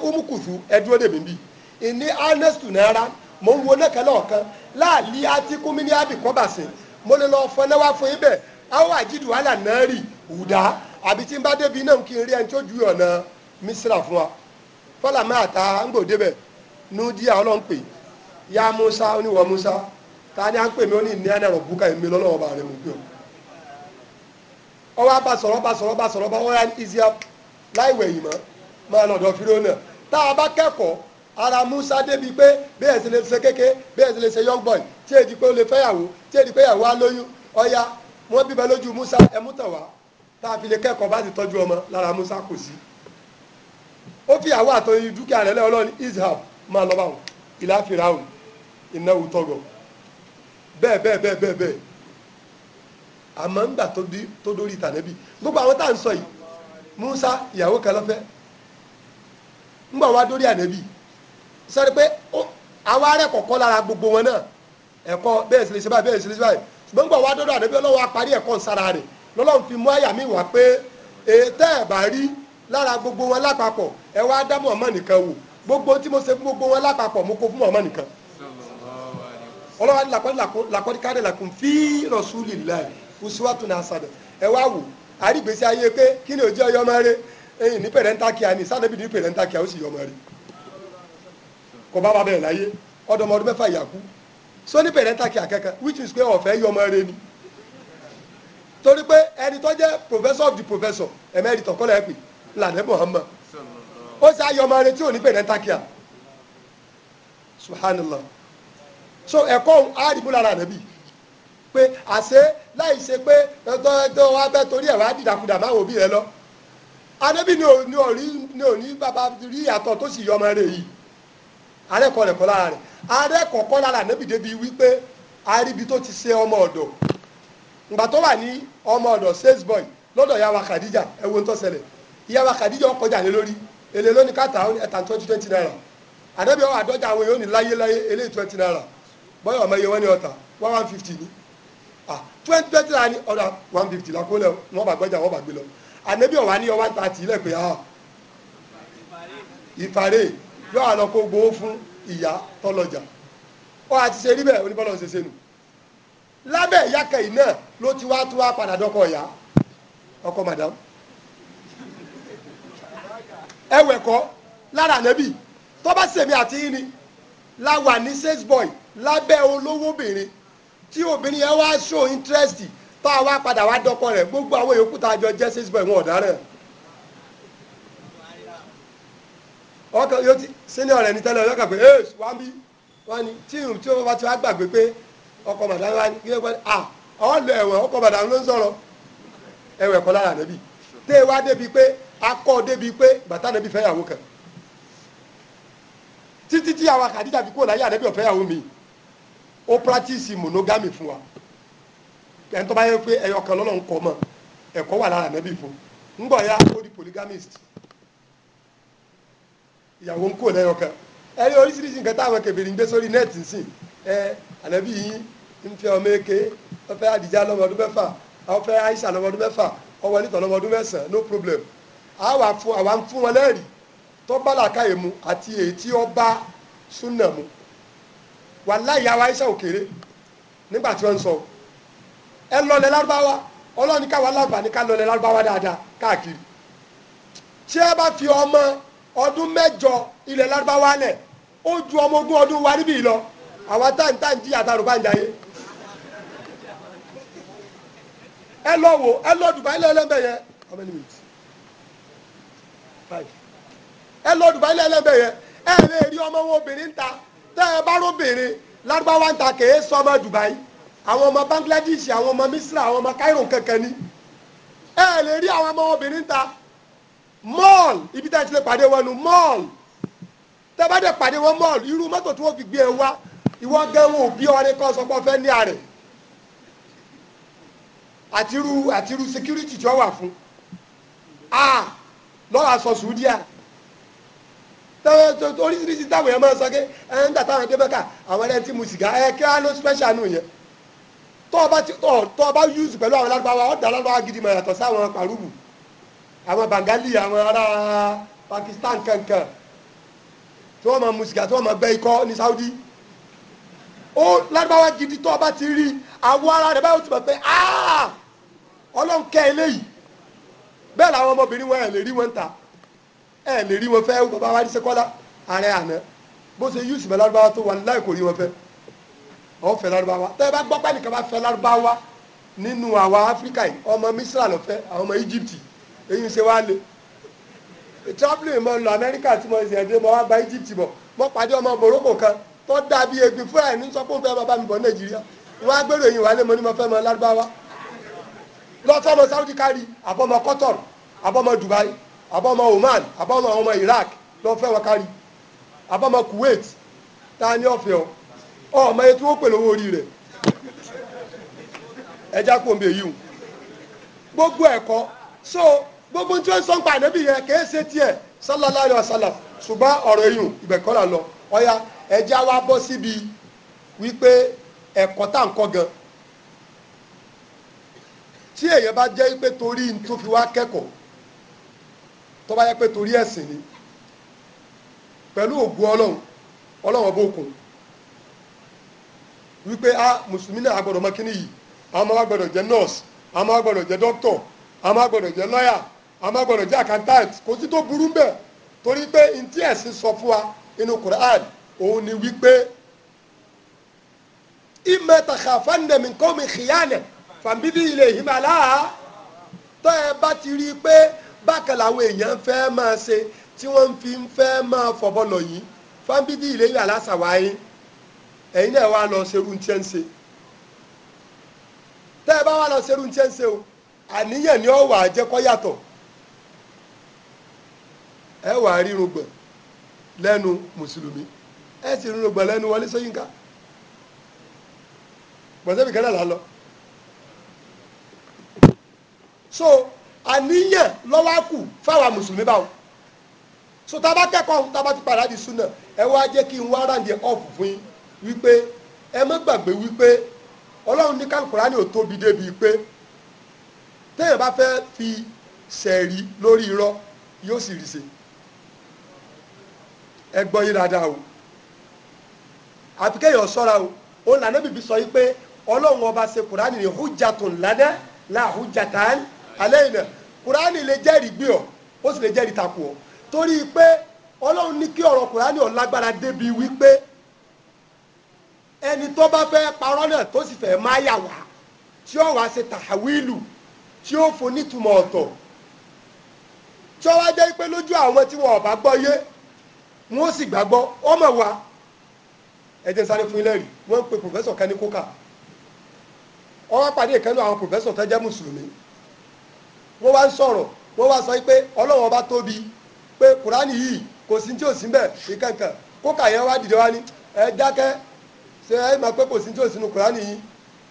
ẹ dúró dèmí bíi ìní Ernest Nara, mò ń wo náà kẹlẹ́ ọ̀kan láàlí átíkú ní abikọ́bàṣe mo lè lọ fọ náwá fún yín àwọn àjídù wàhálà náà rì ùdá àbí tí n bá débi náà kí n rí ẹni tó ju ọ̀nà mísírà fún wa fọlá máa ta bẹ, nu ya musa oníwọ̀ musa ta ni à ń pè mí ó ní ìní ànàrọ̀ mi bá ọ ọwọ́ mọ́ máa lọ́dọ̀ a bá ara musa débi pé bẹ́ẹ̀ sì lè ṣe kéke bẹ́ẹ̀ sì lè ṣe young boy tí èdè pé o lè fẹ́yàwó tí èdè pé yàwó á ọ̀ya bíbẹ lójú musa ẹmú ta'a tá a fi lè kẹ́kọ̀ọ́ bá ti tọ́jú ọmọ lára musa kò sí. ó fi àwọn àtọyìn dúkìá lẹ́wọ́ máa lọ́ba tọgọ bẹ́ẹ̀ bẹ́ẹ̀ bẹ́ẹ̀ bẹ́ẹ̀ bẹ́ẹ̀ àmọ́ tó dórí gbogbo sẹ́ni pé àwọn arẹ́ kọ̀ọ̀kan lára gbogbo wọn náà ẹ̀kọ́ bẹ́ẹ̀ sì lè ṣe báyìí bẹ́ẹ̀ sì lè ṣe báyìí ṣùgbọ́n gbọ̀ wá dọ́dọ̀ àdébí ọlọ́wọ́ parí ẹ̀kọ́ sára rẹ̀ lọ́lọ́run fi mú àyà mi wá pé ètò ẹ̀ bá rí lára gbogbo wọn lápapọ̀ ẹ wá dá mọ̀ọ́mọ́ nìkan wò gbogbo tí mo ṣe fún gbogbo wọn lápapọ̀ mo kó fún mọ̀ọ́mọ́ nìkan ọlọ́wọ́ làkọ́díkárẹ̀ làkùn fi rasulillahi uswatun hasana ẹ ni òjò ọyọ́ ni sanabi ní pẹ̀rẹ́ntákìá ó sì kò bá bàbá ẹ̀ láyé ọdọ mẹ́fà ìyàkú so ní parental which is pé ọ̀fẹ́ rẹ ni torí pé ẹni tó jẹ́ professor of the professor emeritus kọ́lá ẹ̀ pè lànà Muhammad ó sì ayọ̀ rẹ tí ò ní subhanallah so ẹ̀kọ́ àdìmú lára bì pé láì ṣe pé bẹ́ torí ẹ̀rọ máa wò bí lọ arẹ́kọ̀ọ́ rẹ̀ lára rẹ̀ arẹ́kọ̀ọ́ lára ànábì wípé aríbi tó ti ṣe ọmọ ọ̀dọ̀ ìgbà tó wà ní ọmọ ọ̀dọ̀ sales boy lọ́dọ̀ yàwá Khadija ẹ ń tó yàwá lé lórí èlé lónìí káta ẹ̀ta twenty twenty naira àdọ́jà àwọn ní láyé láyé eléyìí wọn ọ̀tà one fifty ni twenty twenty naira yọ àlọ́ kó gbowó fún ìyá tọ́lọ́jà ó àti ṣe rí bẹ́ẹ̀ oníbọ́lọ́ ṣe ṣe nù lábẹ́ ìyá kẹyìn náà ló ti wá tó wá padà dọ́kọ̀ ìyá ọkọ madam ẹwẹ̀ kọ́ lára ànẹ́bì tó bá sèmi àti yín ni láwà ní sales boy lábẹ́ olówóbìnrin tí obìnrin yẹn wá show interest tá a wá padà wá dọ́kọ̀ rẹ̀ gbogbo àwọn yòókù tá a jẹ́ sales boy wọn ọ̀daràn. ọkọ yóò ti sẹ́niọ̀ rẹ̀ ní tẹ́lẹ̀ ọ̀yọ́ kà pé ee wá bí wọ́n ní tí ìrùn tí wọ́n bá ti wá gbàgbé pé ọkọ màdàmú wa ní kí ló pẹ́ à ah, ọ̀ lọ ẹ̀wọ̀n màdàmú ló ń sọ̀rọ̀ ẹ̀wẹ̀ lára wá kan títí tí àwọn kúrò láyé mi ó fún wa ẹni tó bá yẹ pé ẹyọ kan lọ́nà ń ó di polygamist ìyàwó ń kó lẹ́yọ kan ẹ rí oríṣiríṣi nǹkan táwọn kẹfìrì ń gbé sórí nẹ́ẹ̀tì sí ẹ ànábì yín ń fẹ́ ọmọ eke wọ́n fẹ́ àdìjá lọ́mọdún mẹ́fà wọ́n fẹ́ àìsà lọ́mọdún mẹ́fà ọwọ́ nítọ̀ lọ́mọdún mẹ́sàn-án no problem àwa fún àwa ń fún wọn lẹ́rìí tó bá làákàyè mu àti èyí tí ó bá súnà mu wàláhì àwa àìsà òkèrè nígbà tí wọ́n ń sọ ẹ lọlẹ̀ lárúbáwá ọlọ́ni káwa láǹfààní ká lọlẹ̀ lárúbáwá dáadáa káàkiri tí ẹ bá fi ọmọ ọdún mẹ́jọ ilẹ̀ lárúbáwá lẹ̀ ó ju ọmọ ogún ọdún wa níbí lọ àwa táǹtà ń jìyà tá a rò bá ń jayé ẹ lọ wò ẹ lọ Dubai lẹ́lẹ́mbẹ̀ yẹn how many minutes five ẹ lọ Dubai lẹ́lẹ́mbẹ̀ yẹn ẹ lè rí ọmọ wọn obìnrin ta tẹ́ ẹ bá róbìnrin lárúbáwá ń ta kèé sọ ọmọ Dubai àwọn ọmọ Bangladesh àwọn ọmọ Misra àwọn ọmọ Cairo kankan ni ẹ lè rí àwọn ọmọ obìnrin ta. mall ibi tá a ti lè pàdé wọn nu mall tá a bá dẹ̀ pàdé wọn mall irú mọ́tò tí wọ́n fi gbé ẹ wá ìwọ gẹ́wọ́n òbí ọ̀rẹ́ kan sọ pé ọ̀fẹ́ ní àrẹ̀ àtirú àtirú security tí wọ́n wà fún a lọ́wọ́ aṣọ sùúdíà oríṣiríṣi táwọn èèyàn máa ń sọ pé ẹ ń gbà táwọn ẹgbẹ́ ká àwọn ẹlẹ́ni tí mu sìgá ẹ kí á ló special nù yẹn tọ́ ọ bá use pẹ̀lú àwọn alágbáwa ọ̀dà alágbáwa gidi mọ̀ yàtọ̀ sáwọn pàrúbù àwọn Bengali àwọn ará Pakistan kankan tí wọ́n máa mu sìgá tí wọ́n máa gbẹ́ ikọ́ ní Saudi ó lárúbáwá gidi tó ọba ti rí àwọ̀ ara rẹ̀ báyìí ó ti mọ̀ pé ọlọ́run kẹ́ eléyìí bẹ́ẹ̀ làwọn ọmọbìnrin wọn ẹ̀ lè rí wọn ta ẹ̀ lè rí wọn fẹ́ bàbá wa ní Ṣẹ̀kọ́lá ààrẹ àná bó ṣe yíùsì bẹ lárúbáwá tó wà láì kò rí wọn fẹ́ ọ̀hún fẹ́ lárúbáwá tẹ́ ẹ bá gbọ́ pẹ́ nìkan bá fẹ́ lárúbáwá nínú àwa Áfíríkà yìí ọmọ Misra ló fẹ́ àwọn ọmọ Íjíbítì èyí ṣe wá le travelling mo lọ amẹ́ríkà tí mo ṣe ẹ̀dẹ́ mo wá gba egypt bọ̀ pàdé ọmọ morocco kan tó dàbí egbin fúra ẹ̀ ní sọ fẹ́ bàbá mi bọ̀ nàìjíríà wọ́n á gbèrò mo ní mo fẹ́ mọ ọmọ saudi kari oman ọmọ iraq fẹ́ wọn kari kuwait ta ni ọ̀fẹ́ wọ́n pèlè gbogbo tí wọ́n sọ ń pa ànábì yẹn e! ṣe tiẹ̀ sallallahu alaihi wasallam ṣùgbọ́n ọ̀rọ̀ lọ ẹja wa bọ́ síbi wípé ẹ̀kọ́ tá à ń gan tí èèyàn bá jẹ́ pé torí tó fi wá tó ni ògùn ọba a mùsùlùmí náà mọ kíní yìí àwọn ọmọ wa àwọn a máa gbọ́dọ̀ jẹ́ accountant kò sí tó burú bẹ́ẹ̀ torí pé ntí ẹ̀sìn sọ fún wa inú Quran òun ni wípé ìmọ̀ tàkàfàǹdà min qawmin khiyana fàmílì ilé ìhìmàlá tọ́ ẹ bá ti rí i pé bákan làwọn èèyàn fẹ́ máa ṣe tí wọ́n fi ń fẹ́ máa fọ̀bọ̀ yìí fáńbídì ilé ìwé aláṣàwáyé ẹ̀yin náà wá lọ ṣerú ní tiẹ́ ń ṣe tẹ́ ẹ bá wá lọ ṣerú ní tiẹ́ ń ṣe o àníyàn ni ó wà á jẹ́ kó yàtọ̀ ẹ wà á rírun gbọ̀n lẹ́nu mùsùlùmí ẹ sì rírun gbọ̀n lẹ́nu Wọlé Ṣóyínká gbọ̀nsẹ́bì kẹ́lá là ń lọ. so àníyàn lọ́wọ́ kù fáwọn mùsùlùmí báwọn so tá a bá kẹ́kọ̀ọ́ tá a bá ti padà di súnà ẹ wá jẹ́ kí n wá ráǹdì ọ̀fù fún yín wípé ẹ má gbàgbé wípé ọlọ́run ní kálukúrá ni ò tóbi débi pé téèyàn bá fẹ́ fi sẹ̀rí lórí irọ́ yóò sì rí ṣe ẹ gbọ́ yín dáadáa o àfi kéèyàn sọ́ra o òun lànà bìbí sọ yìí pé ọlọ́run ọba ṣe kùránì ní hujjatun lana la hujjatan alayna kùránì lè jẹ́rìí gbé ọ ó sì lè jẹ́rìí takò ọ torí pé ọlọ́run ní kí ọ̀rọ̀ kùránì ó lágbára débi wípé ẹni tó bá fẹ́ parọ́ náà tó sì fẹ́ máa yà wá tí ó wá ṣe tàwílù tí ó fo nítumọ̀ ọ̀tọ̀ tí ó wá jẹ́ pé lójú àwọn tí wọn ò gbọ́ yé wọ́n sì gbàgbọ́ ọmọ wa ẹ̀jẹ̀ sáré fún rí wọ́n pe pòfẹ́sọ̀ kan kókà ó pàdé ìkànnì àwọn pòfẹ́sọ̀ wọ́n wá ń sọ̀rọ̀ wọ́n wá sọ pé ọba tóbi pé kùránì yìí kò sí tí ò sí mbẹ̀ ìkànkàn kókà yẹn wá dìde wá ní ẹ dákẹ́ ṣe ẹ máa pé kò sí tí ò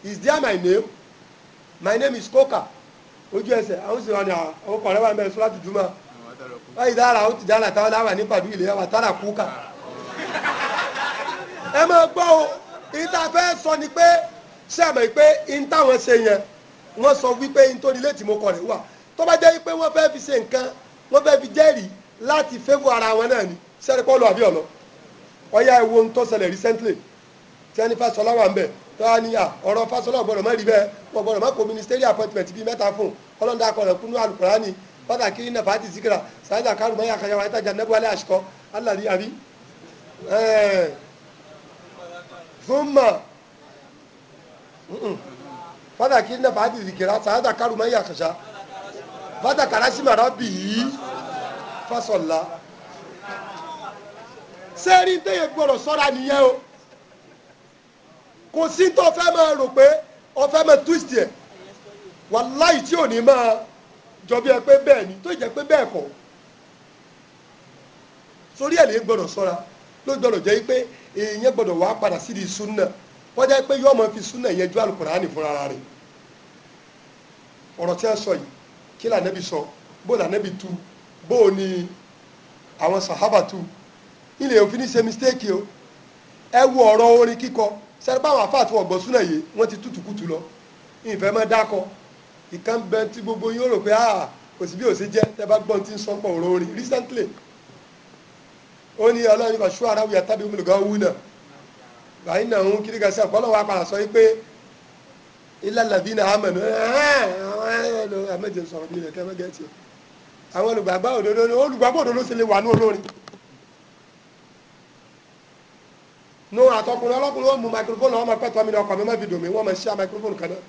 is there my name my name is kókà ojú ẹsẹ̀ àwọn sì wà ní àwọn ọkọ̀ rẹ̀ wà báyìí dára ó ti dára táwọn láwà ní pàdú ilé wa tára kú kà ẹ máa gbọ́ o ìta fẹ́ sọ ni pé ṣé àmọ́ pé ń táwọn ṣe yẹn wọ́n sọ wípé ń tó ní létí mo kọ̀ rẹ̀ wà tó bá jẹ́ pé wọ́n fẹ́ fi ṣe nǹkan wọ́n fẹ́ fi jẹ́rìí láti fẹ́fọ́ ara wọn náà ni sẹ́ni pọ́ọ̀lù àbí ọ̀nà ọ̀yá ẹ̀wò ń tó ṣẹlẹ̀ recently tẹ́ni Fáṣọlá wà ń bẹ̀ tó wá ní à ọ̀rọ̀ Fáṣọlá ọ̀gbọ̀dọ̀ má rí bẹ́ẹ̀ ọ̀gbọ̀dọ̀ má kó ministerial appointment bíi mẹ́ta fún ọlọ́dà akọ̀rọ̀ kúnú àlùkùránì pàtàkì iná fàájì síkìrà sáájà kárùn mọ́yà kan yàwá ìtajà nẹ́bù alẹ́ àṣìkọ alàrí àbí fúnmọ̀ pàtàkì iná fàájì síkìrà sáájà kárùn mọ́yà kan ṣá bàtà kàrásìmọ̀ rábì yìí fásọ̀lá sẹ́rí téyẹ gbọ́dọ̀ sọ́ra nìyẹn o kò sí tó fẹ́ máa rò pé o fẹ́ máa twist yẹ wàláì tí ò ní máa jọ bí ẹ pé bẹ́ẹ̀ ni tó jẹ́ pé bẹ́ẹ̀ kọ́ sórí ẹ̀ lè gbọ́dọ̀ sọ́ra ló gbọ́dọ̀ jẹ́ pé èèyàn gbọ́dọ̀ wá padà sí di súnà kọjá pé yóò máa fi súnà yẹn ju alukurani fúnra rẹ̀ ọ̀rọ̀ tí wọ́n sọ yìí kí lànàbì sọ bó lànàbì tu bó o ní àwọn sàhábà tu ilé òfin ní ṣe mistake o ẹ wo ọ̀rọ̀ orin kíkọ sẹ́ni báwọn afáàtúwọ̀ gbọ́ súnà yìí wọ́n ti tútùkùtù lọ ìfẹ́ mọ́ dákọ̀ ìkan bẹ tí gbogbo yín ó rò pé ah kò sí bí ó ṣe jẹ́ tẹ́ bá gbọ́n tí ń sọ́pọ̀ ọ̀rọ̀ orin recently ó ní ọlọ́run kan ṣú ara wíyà tábí múlùgán wú náà báyìí náà ń kiri kan sí ọ̀pọ̀ ọlọ́run apàrà sọ pé ilẹ̀ làbí náà amẹ̀nu àmẹ́jẹ sọ̀rọ̀ bí ilẹ̀ kẹ́ mẹ́gẹ́ tiẹ̀ àwọn olùgbàgbọ́ òdodo ni olùgbàgbọ́ òdodo sì lè wà ní olórin nu àtọkùnrin ọlọ́kùnrin ó mú microphone ọmọ pẹ́tọ́ mi ní ọkọ̀ mi má fi dùn mí wọ́n máa ṣí à microphone kan náà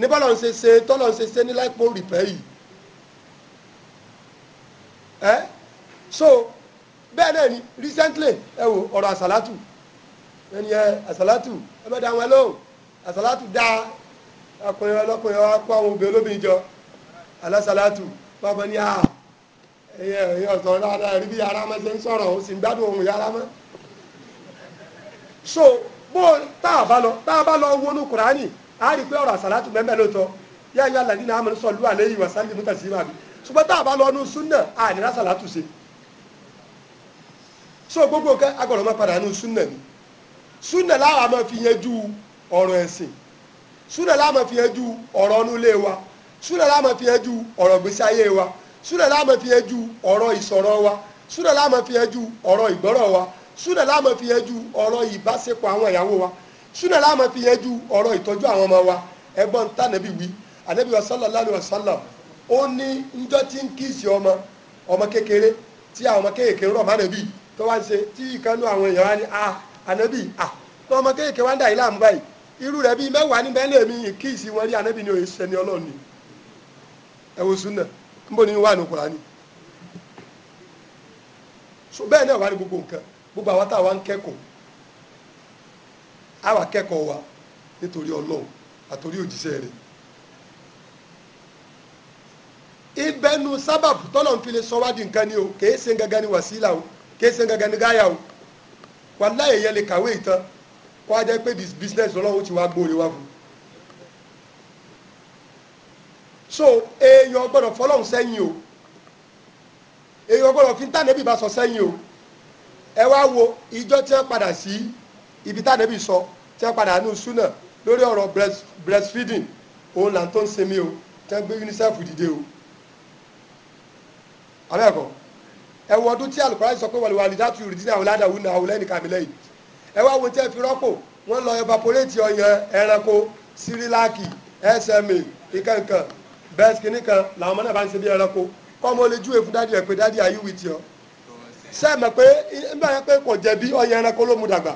ní bọ́lọ̀ ń ṣe ṣe tọ́lọ̀ ń ṣe ṣe ní láìpẹ́ òrìpẹ́ yìí ẹ́ so bẹ́ẹ̀ náà ni recently ẹ wo ọ̀rọ̀ àsàlátù ẹni ẹ àsàlátù ẹ bá da wọn lóhùn àsàlátù dá ọkùnrin ọlọ́kùnrin wa kó àwọn obìnrin olóbìnrin jọ alásàlátù bàbá ni a ẹyẹ ẹyẹ ọ̀sán rárá rí bí ara máa ṣe ń sọ̀rọ̀ ó sì ń gbádùn ohun yàrá mọ́ so bó tá a bá lọ tá a bá lọ wọnú kùránì a rí i pé ọ̀rọ̀ àsàlátù bẹ́ẹ̀ bẹ́ẹ̀ lóòótọ́ yá ayọ́ alàdí náà amọ̀ sọ̀lú àlẹ́ ìwà sálì mú tẹ̀sí ìmàbí ṣùgbọ́n tá a bá lọ ọnu súnà a ní rásàlátù ṣe so gbogbo kẹ agbọ̀dọ̀ máa padà nu súnà ni súnà láwa máa fi yanjú ọ̀rọ̀ ẹ̀sìn súnà láwa máa fi yanjú ọ̀rọ̀ ọnu ilé wa súnà láwa máa fi yanjú ọ̀rọ̀ gbèsè ayé wa súnà láwa máa fi yanjú ọ̀rọ̀ ìsọ̀rọ̀ wa súnà láwa máa fi yanjú ọ̀rọ̀ ìgbọ́rọ̀ wa súnà láwa máa fi yanjú ọ̀rọ̀ ìbáṣepọ̀ àwọn ìyàwó wa súnà láàmú fi ju ọ̀rọ̀ ìtọ́jú àwọn ọmọ wa ẹgbọ́n tànàbí wí ànábì wa sallallahu alayhi wa sallam ó ní njọ́ tí ń kíìsì ọmọ ọmọ kékeré tí àwọn ọmọ kékeré rọ̀ mánàbí tó wá ń ṣe tí àwọn a ànábì a tó ọmọ kékeré wá ń dà yìí láàmú báyìí irú bíi mẹ́wàá kíìsì wọn rí òye ni àwa kẹ́kọ̀ọ́ wa nítorí ọlọ́run àtòrí òjíṣẹ́ rẹ̀ ìbẹnu sábàbù tọ́lọ̀ ń fi lè sọ wá di nǹkan ni o kèé ṣe gangan ni wàsílà o kèé ṣe gangan ni gáyà o wàláyé yẹn lè kàwé ìtàn kó a jẹ́ pé business ọlọ́run ti wá gbóore wá fún un so èèyàn gbọ́dọ̀ fọlọ́run sẹ́yìn o èèyàn gbọ́dọ̀ fi ń tànẹ́bì bá sọ sẹ́yìn o ẹ wá wo ìjọ tí wọ́n padà sí. Si, ibi tá ànábì sọ tí wọ́n padà nù súnà lórí ọ̀rọ̀ breastfeeding òun là ń tó ń ṣe mí o tí wọ́n gbé UNICEF dìde o abẹ́ẹ̀kọ́ ẹ wo ọdún tí alukọ́ra sọ pé wàlúwà nìdátù rìdínà àwòládàwù náà àwòlẹ́nì kàmílẹ́yìn ẹ wá wọn tí ẹ fi rọ́pò wọ́n lọ evaporate ọyàn ẹranko síríláàkì sma ìkànkàn bẹ́ẹ̀sì kìnnìkan làwọn ọmọ náà bá ń ṣe bí ẹranko kọ́ ọmọ olè júwe fún dádì ẹ̀ pé dádì ayú wìtì ọ sẹ́ẹ̀mọ̀ pé nígbà yẹn pé kò jẹ̀bi ọyàn ẹranko ló mú dàgbà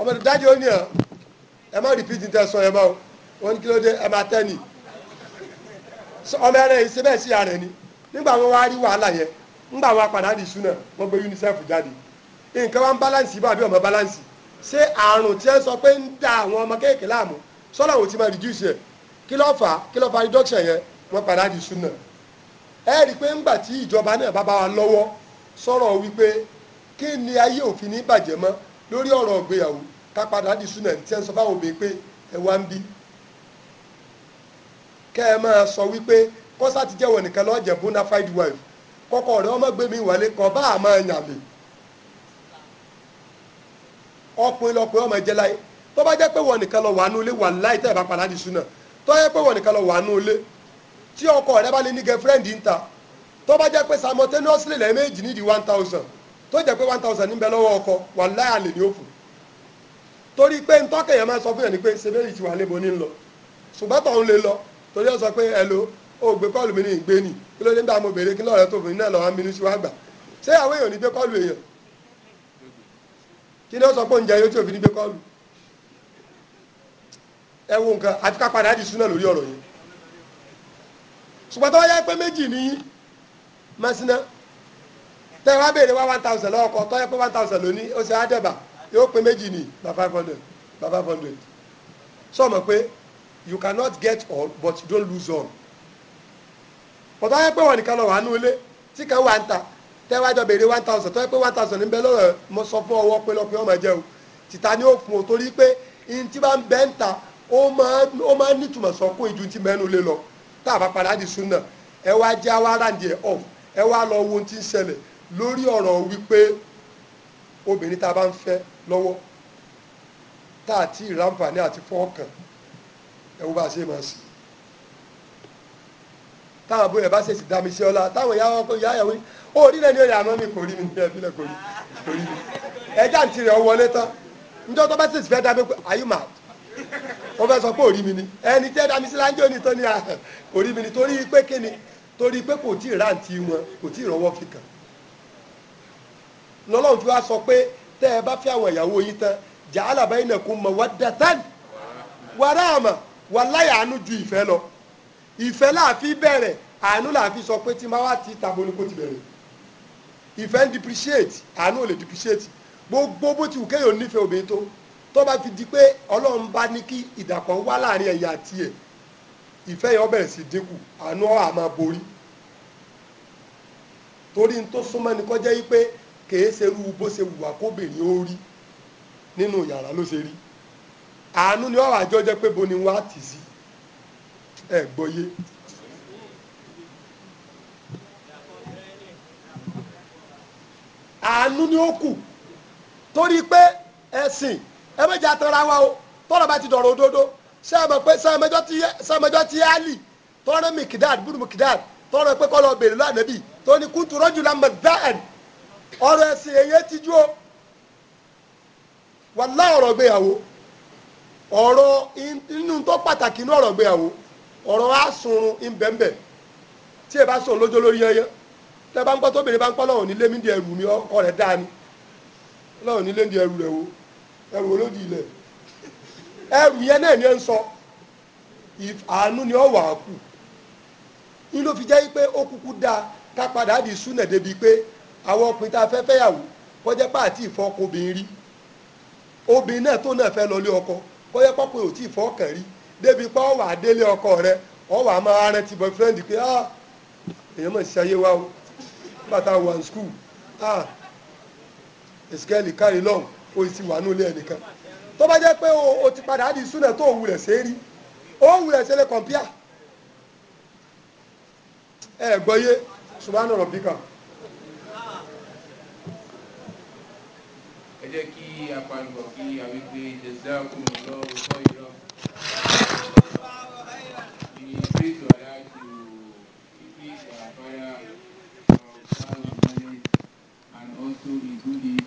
ọmọ ìdájọ́ ó ní ẹ̀ ẹ má tẹ sọ yẹn mọ́ o wọ́n kí ni ọmọ ẹ̀rẹ́ yìí síbẹ̀ sí ara nígbà wọn wá rí wàhálà yẹn nígbà wọn di wọn gbé UNICEF jáde nǹkan wọn balance ibà àbí ọmọ balance ṣé àrùn tí ẹ sọ pé ọmọ kéèké láàmú ti máa reduce yẹ kí ló fà kí ló fà reduction yẹn wọn padà ẹ rí lórí ọ̀rọ̀ ọ̀gbéyàwó ká padà ka súnà tí ẹ ń sọ fáwọn obìnrin pé ẹ wá ń bí kẹ́ ẹ máa sọ wípé ti jẹ́wọ́ nìkan lọ́ọ́ bona fide wife kọ́kọ́ rẹ̀ ọmọ gbẹ̀mí kan bá a máa yàn mí ọkùnrin lọkùnrin ọmọ ẹ̀jẹ̀ láyé tó bá jẹ́ pé nìkan lọ wà nú ilé wà láì tẹ́ ẹ̀ bá padà di súnà tó yẹ pé lọ wà nú ilé ọkọ bá ní ń ta tó bá jẹ́ pé lẹ́ẹ̀mejì tó jẹ́ pé one thousand níbẹ̀ lọ́wọ́ ọkọ wà láyà lè ní òfò torí pé ntọ́kẹ̀yẹ̀ máa sọ fún yẹn ni pé sebéyìí ti wà lébo ní lọ ṣùgbọ́n tọ̀hún lè lọ torí ó sọ pé ẹ lo ògbé kọ́ọ̀lù mi ní ìgbé kí ló bá mo béèrè kí lọ́ọ̀rẹ́ tó fún mi náà lọ́wọ́ mi ní ṣùgbọ́n àgbà ṣé àwọn èèyàn ní gbé kọ́ọ̀lù èèyàn kí ni ó sọ pé oúnjẹ yóò tí ní gbé kọ́ọ̀lù ẹ wo nǹkan tẹ́ wá béèrè wá one thousand lọ́kọ̀ tọ́ pé one thousand lóní ó ṣe àdẹ̀bà yóò pé méjì ní ba five hundred five hundred sọ ma pé you cannot get all but you don't lose all pé nìkan lọ wà nú ilé tí kan wà ń ta tẹ́ wá jọ béèrè one thousand pé one thousand ń bẹ lọ́rọ̀ mo sọ fún ọwọ́ pé lọ́pẹ́ ọmọ o fún o torí pé n tí bá ń bẹ́ ń ta lórí ọ̀rọ̀ wípé obìnrin tá a bá ń fẹ́ lọ́wọ́ tá a ti ìrànfààní àti fọ́ọ̀kàn ẹ̀wọ́ bá a ṣe máa sì táwọn abúlé bá ṣèṣì dá mi sí ọlá táwọn ìyá wọn ìyá ìyàwó ó rí lẹ́ni ọ̀rẹ́ àmọ́ mi kò rí mi ní ẹ̀bílẹ̀ kò rí mi ẹja ń tirẹ̀ ọ tán níjọ́ tó bá ṣèṣì fẹ́ dá mi pé are you mad wọ́n fẹ́ sọ pé òrí mi ni ẹni tí ẹ dá mi sí láńjọ́ ni tó ní ah, òrí mi ni torí pé kíni torí pé kò tí ì ráǹtì wọn kò tí ì rọwọ́ fi kàn lọ́lọ́run tí wàá sọ pé tẹ́ ẹ bá fẹ́ àwọn ìyàwó yìí tán ja'ala bainakum mawaddatan wa rahma wallahi àánú ju ìfẹ́ lọ ìfẹ́ la fi bẹ̀rẹ̀ àánú la fi sọ pé tí máa wá ti tàbó ni kò ti bẹ̀rẹ̀ ìfẹ́ ń depreciate àánú ò lè depreciate gbogbo bó ti wù kéèyàn nífẹ̀ẹ́ obìnrin tó tó bá fi di pé ọlọ́run bá ní kí ìdàpọ̀ wá láàrin ẹ̀yà àti ẹ̀ ìfẹ́ yẹn ó bẹ̀rẹ̀ dínkù àánú á máa borí torí n tó súnmọ́ ni kọjá yìí pé e serú bó ṣe wùwà kóbìnrin ó rí nínú yàrá ló ṣe rí àánú ni àjọ pé bo ni wọ́n tì sí àánú ni ó kù torí pé ẹ̀sìn ẹ méjì wa o ti òdodo ṣé ẹ pé ṣé ti áàlì tọ́rọ̀ mikidad bùrù mikidad tọ́rọ̀ pé bèrè tó ní ọ̀rọ̀ ẹ̀sìn èyí ti jó wàlá ọ̀rọ̀ gbéyàwó ọ̀rọ̀ inú tó pàtàkì inú ọ̀rọ̀ gbéyàwó ọ̀rọ̀ àsunrun ìbẹ̀ǹbẹ̀ tí ẹ bá sùn lójó lórí yẹyẹ tẹ bá ń gbọ́ tóbìnrin bá ń pọ́ lọ́wọ́ nílé mi di ẹrù mi ọkọ rẹ̀ dáa ni lọ́wọ́ nílé di ẹrù rẹ̀ wo ẹrù olódì ilẹ̀ ẹrù yẹn náà ni ẹ ń sọ àánú ni ọ wà á kù ní ló fi jẹ́ pé ó kúkú dáa ká padà di súnà débi pé àwọn ọkùnrin tá a fẹ́ fẹ́yàwó kọjá pé àti ìfọkobìnrin rí obìnrin náà tó náà fẹ́ lọ lé ọkọ kọjá pọ́pẹ́ ò tí ìfọkàn rí débi pé ọ̀wà délé ọkọ rẹ ọ̀wà máa rántí boyfriend pé ah èèyàn mọ̀ sí ayé wa o bàtà wà ní school ah ìsikẹ́lì kárí lọ́hùn ó sì wà nílé ẹnìkan tó bá jẹ́ pé o ti padà á di súnà tó wulẹ̀ sí rí ó wulẹ̀ sí lè kọ̀m̀píà ẹ̀ gbọ́yé subhanahu rabbika. jẹ́ kí apanubọ̀ kí àwígbé jazakumullahu khairan ní fíìtò aláàjù fífi and also including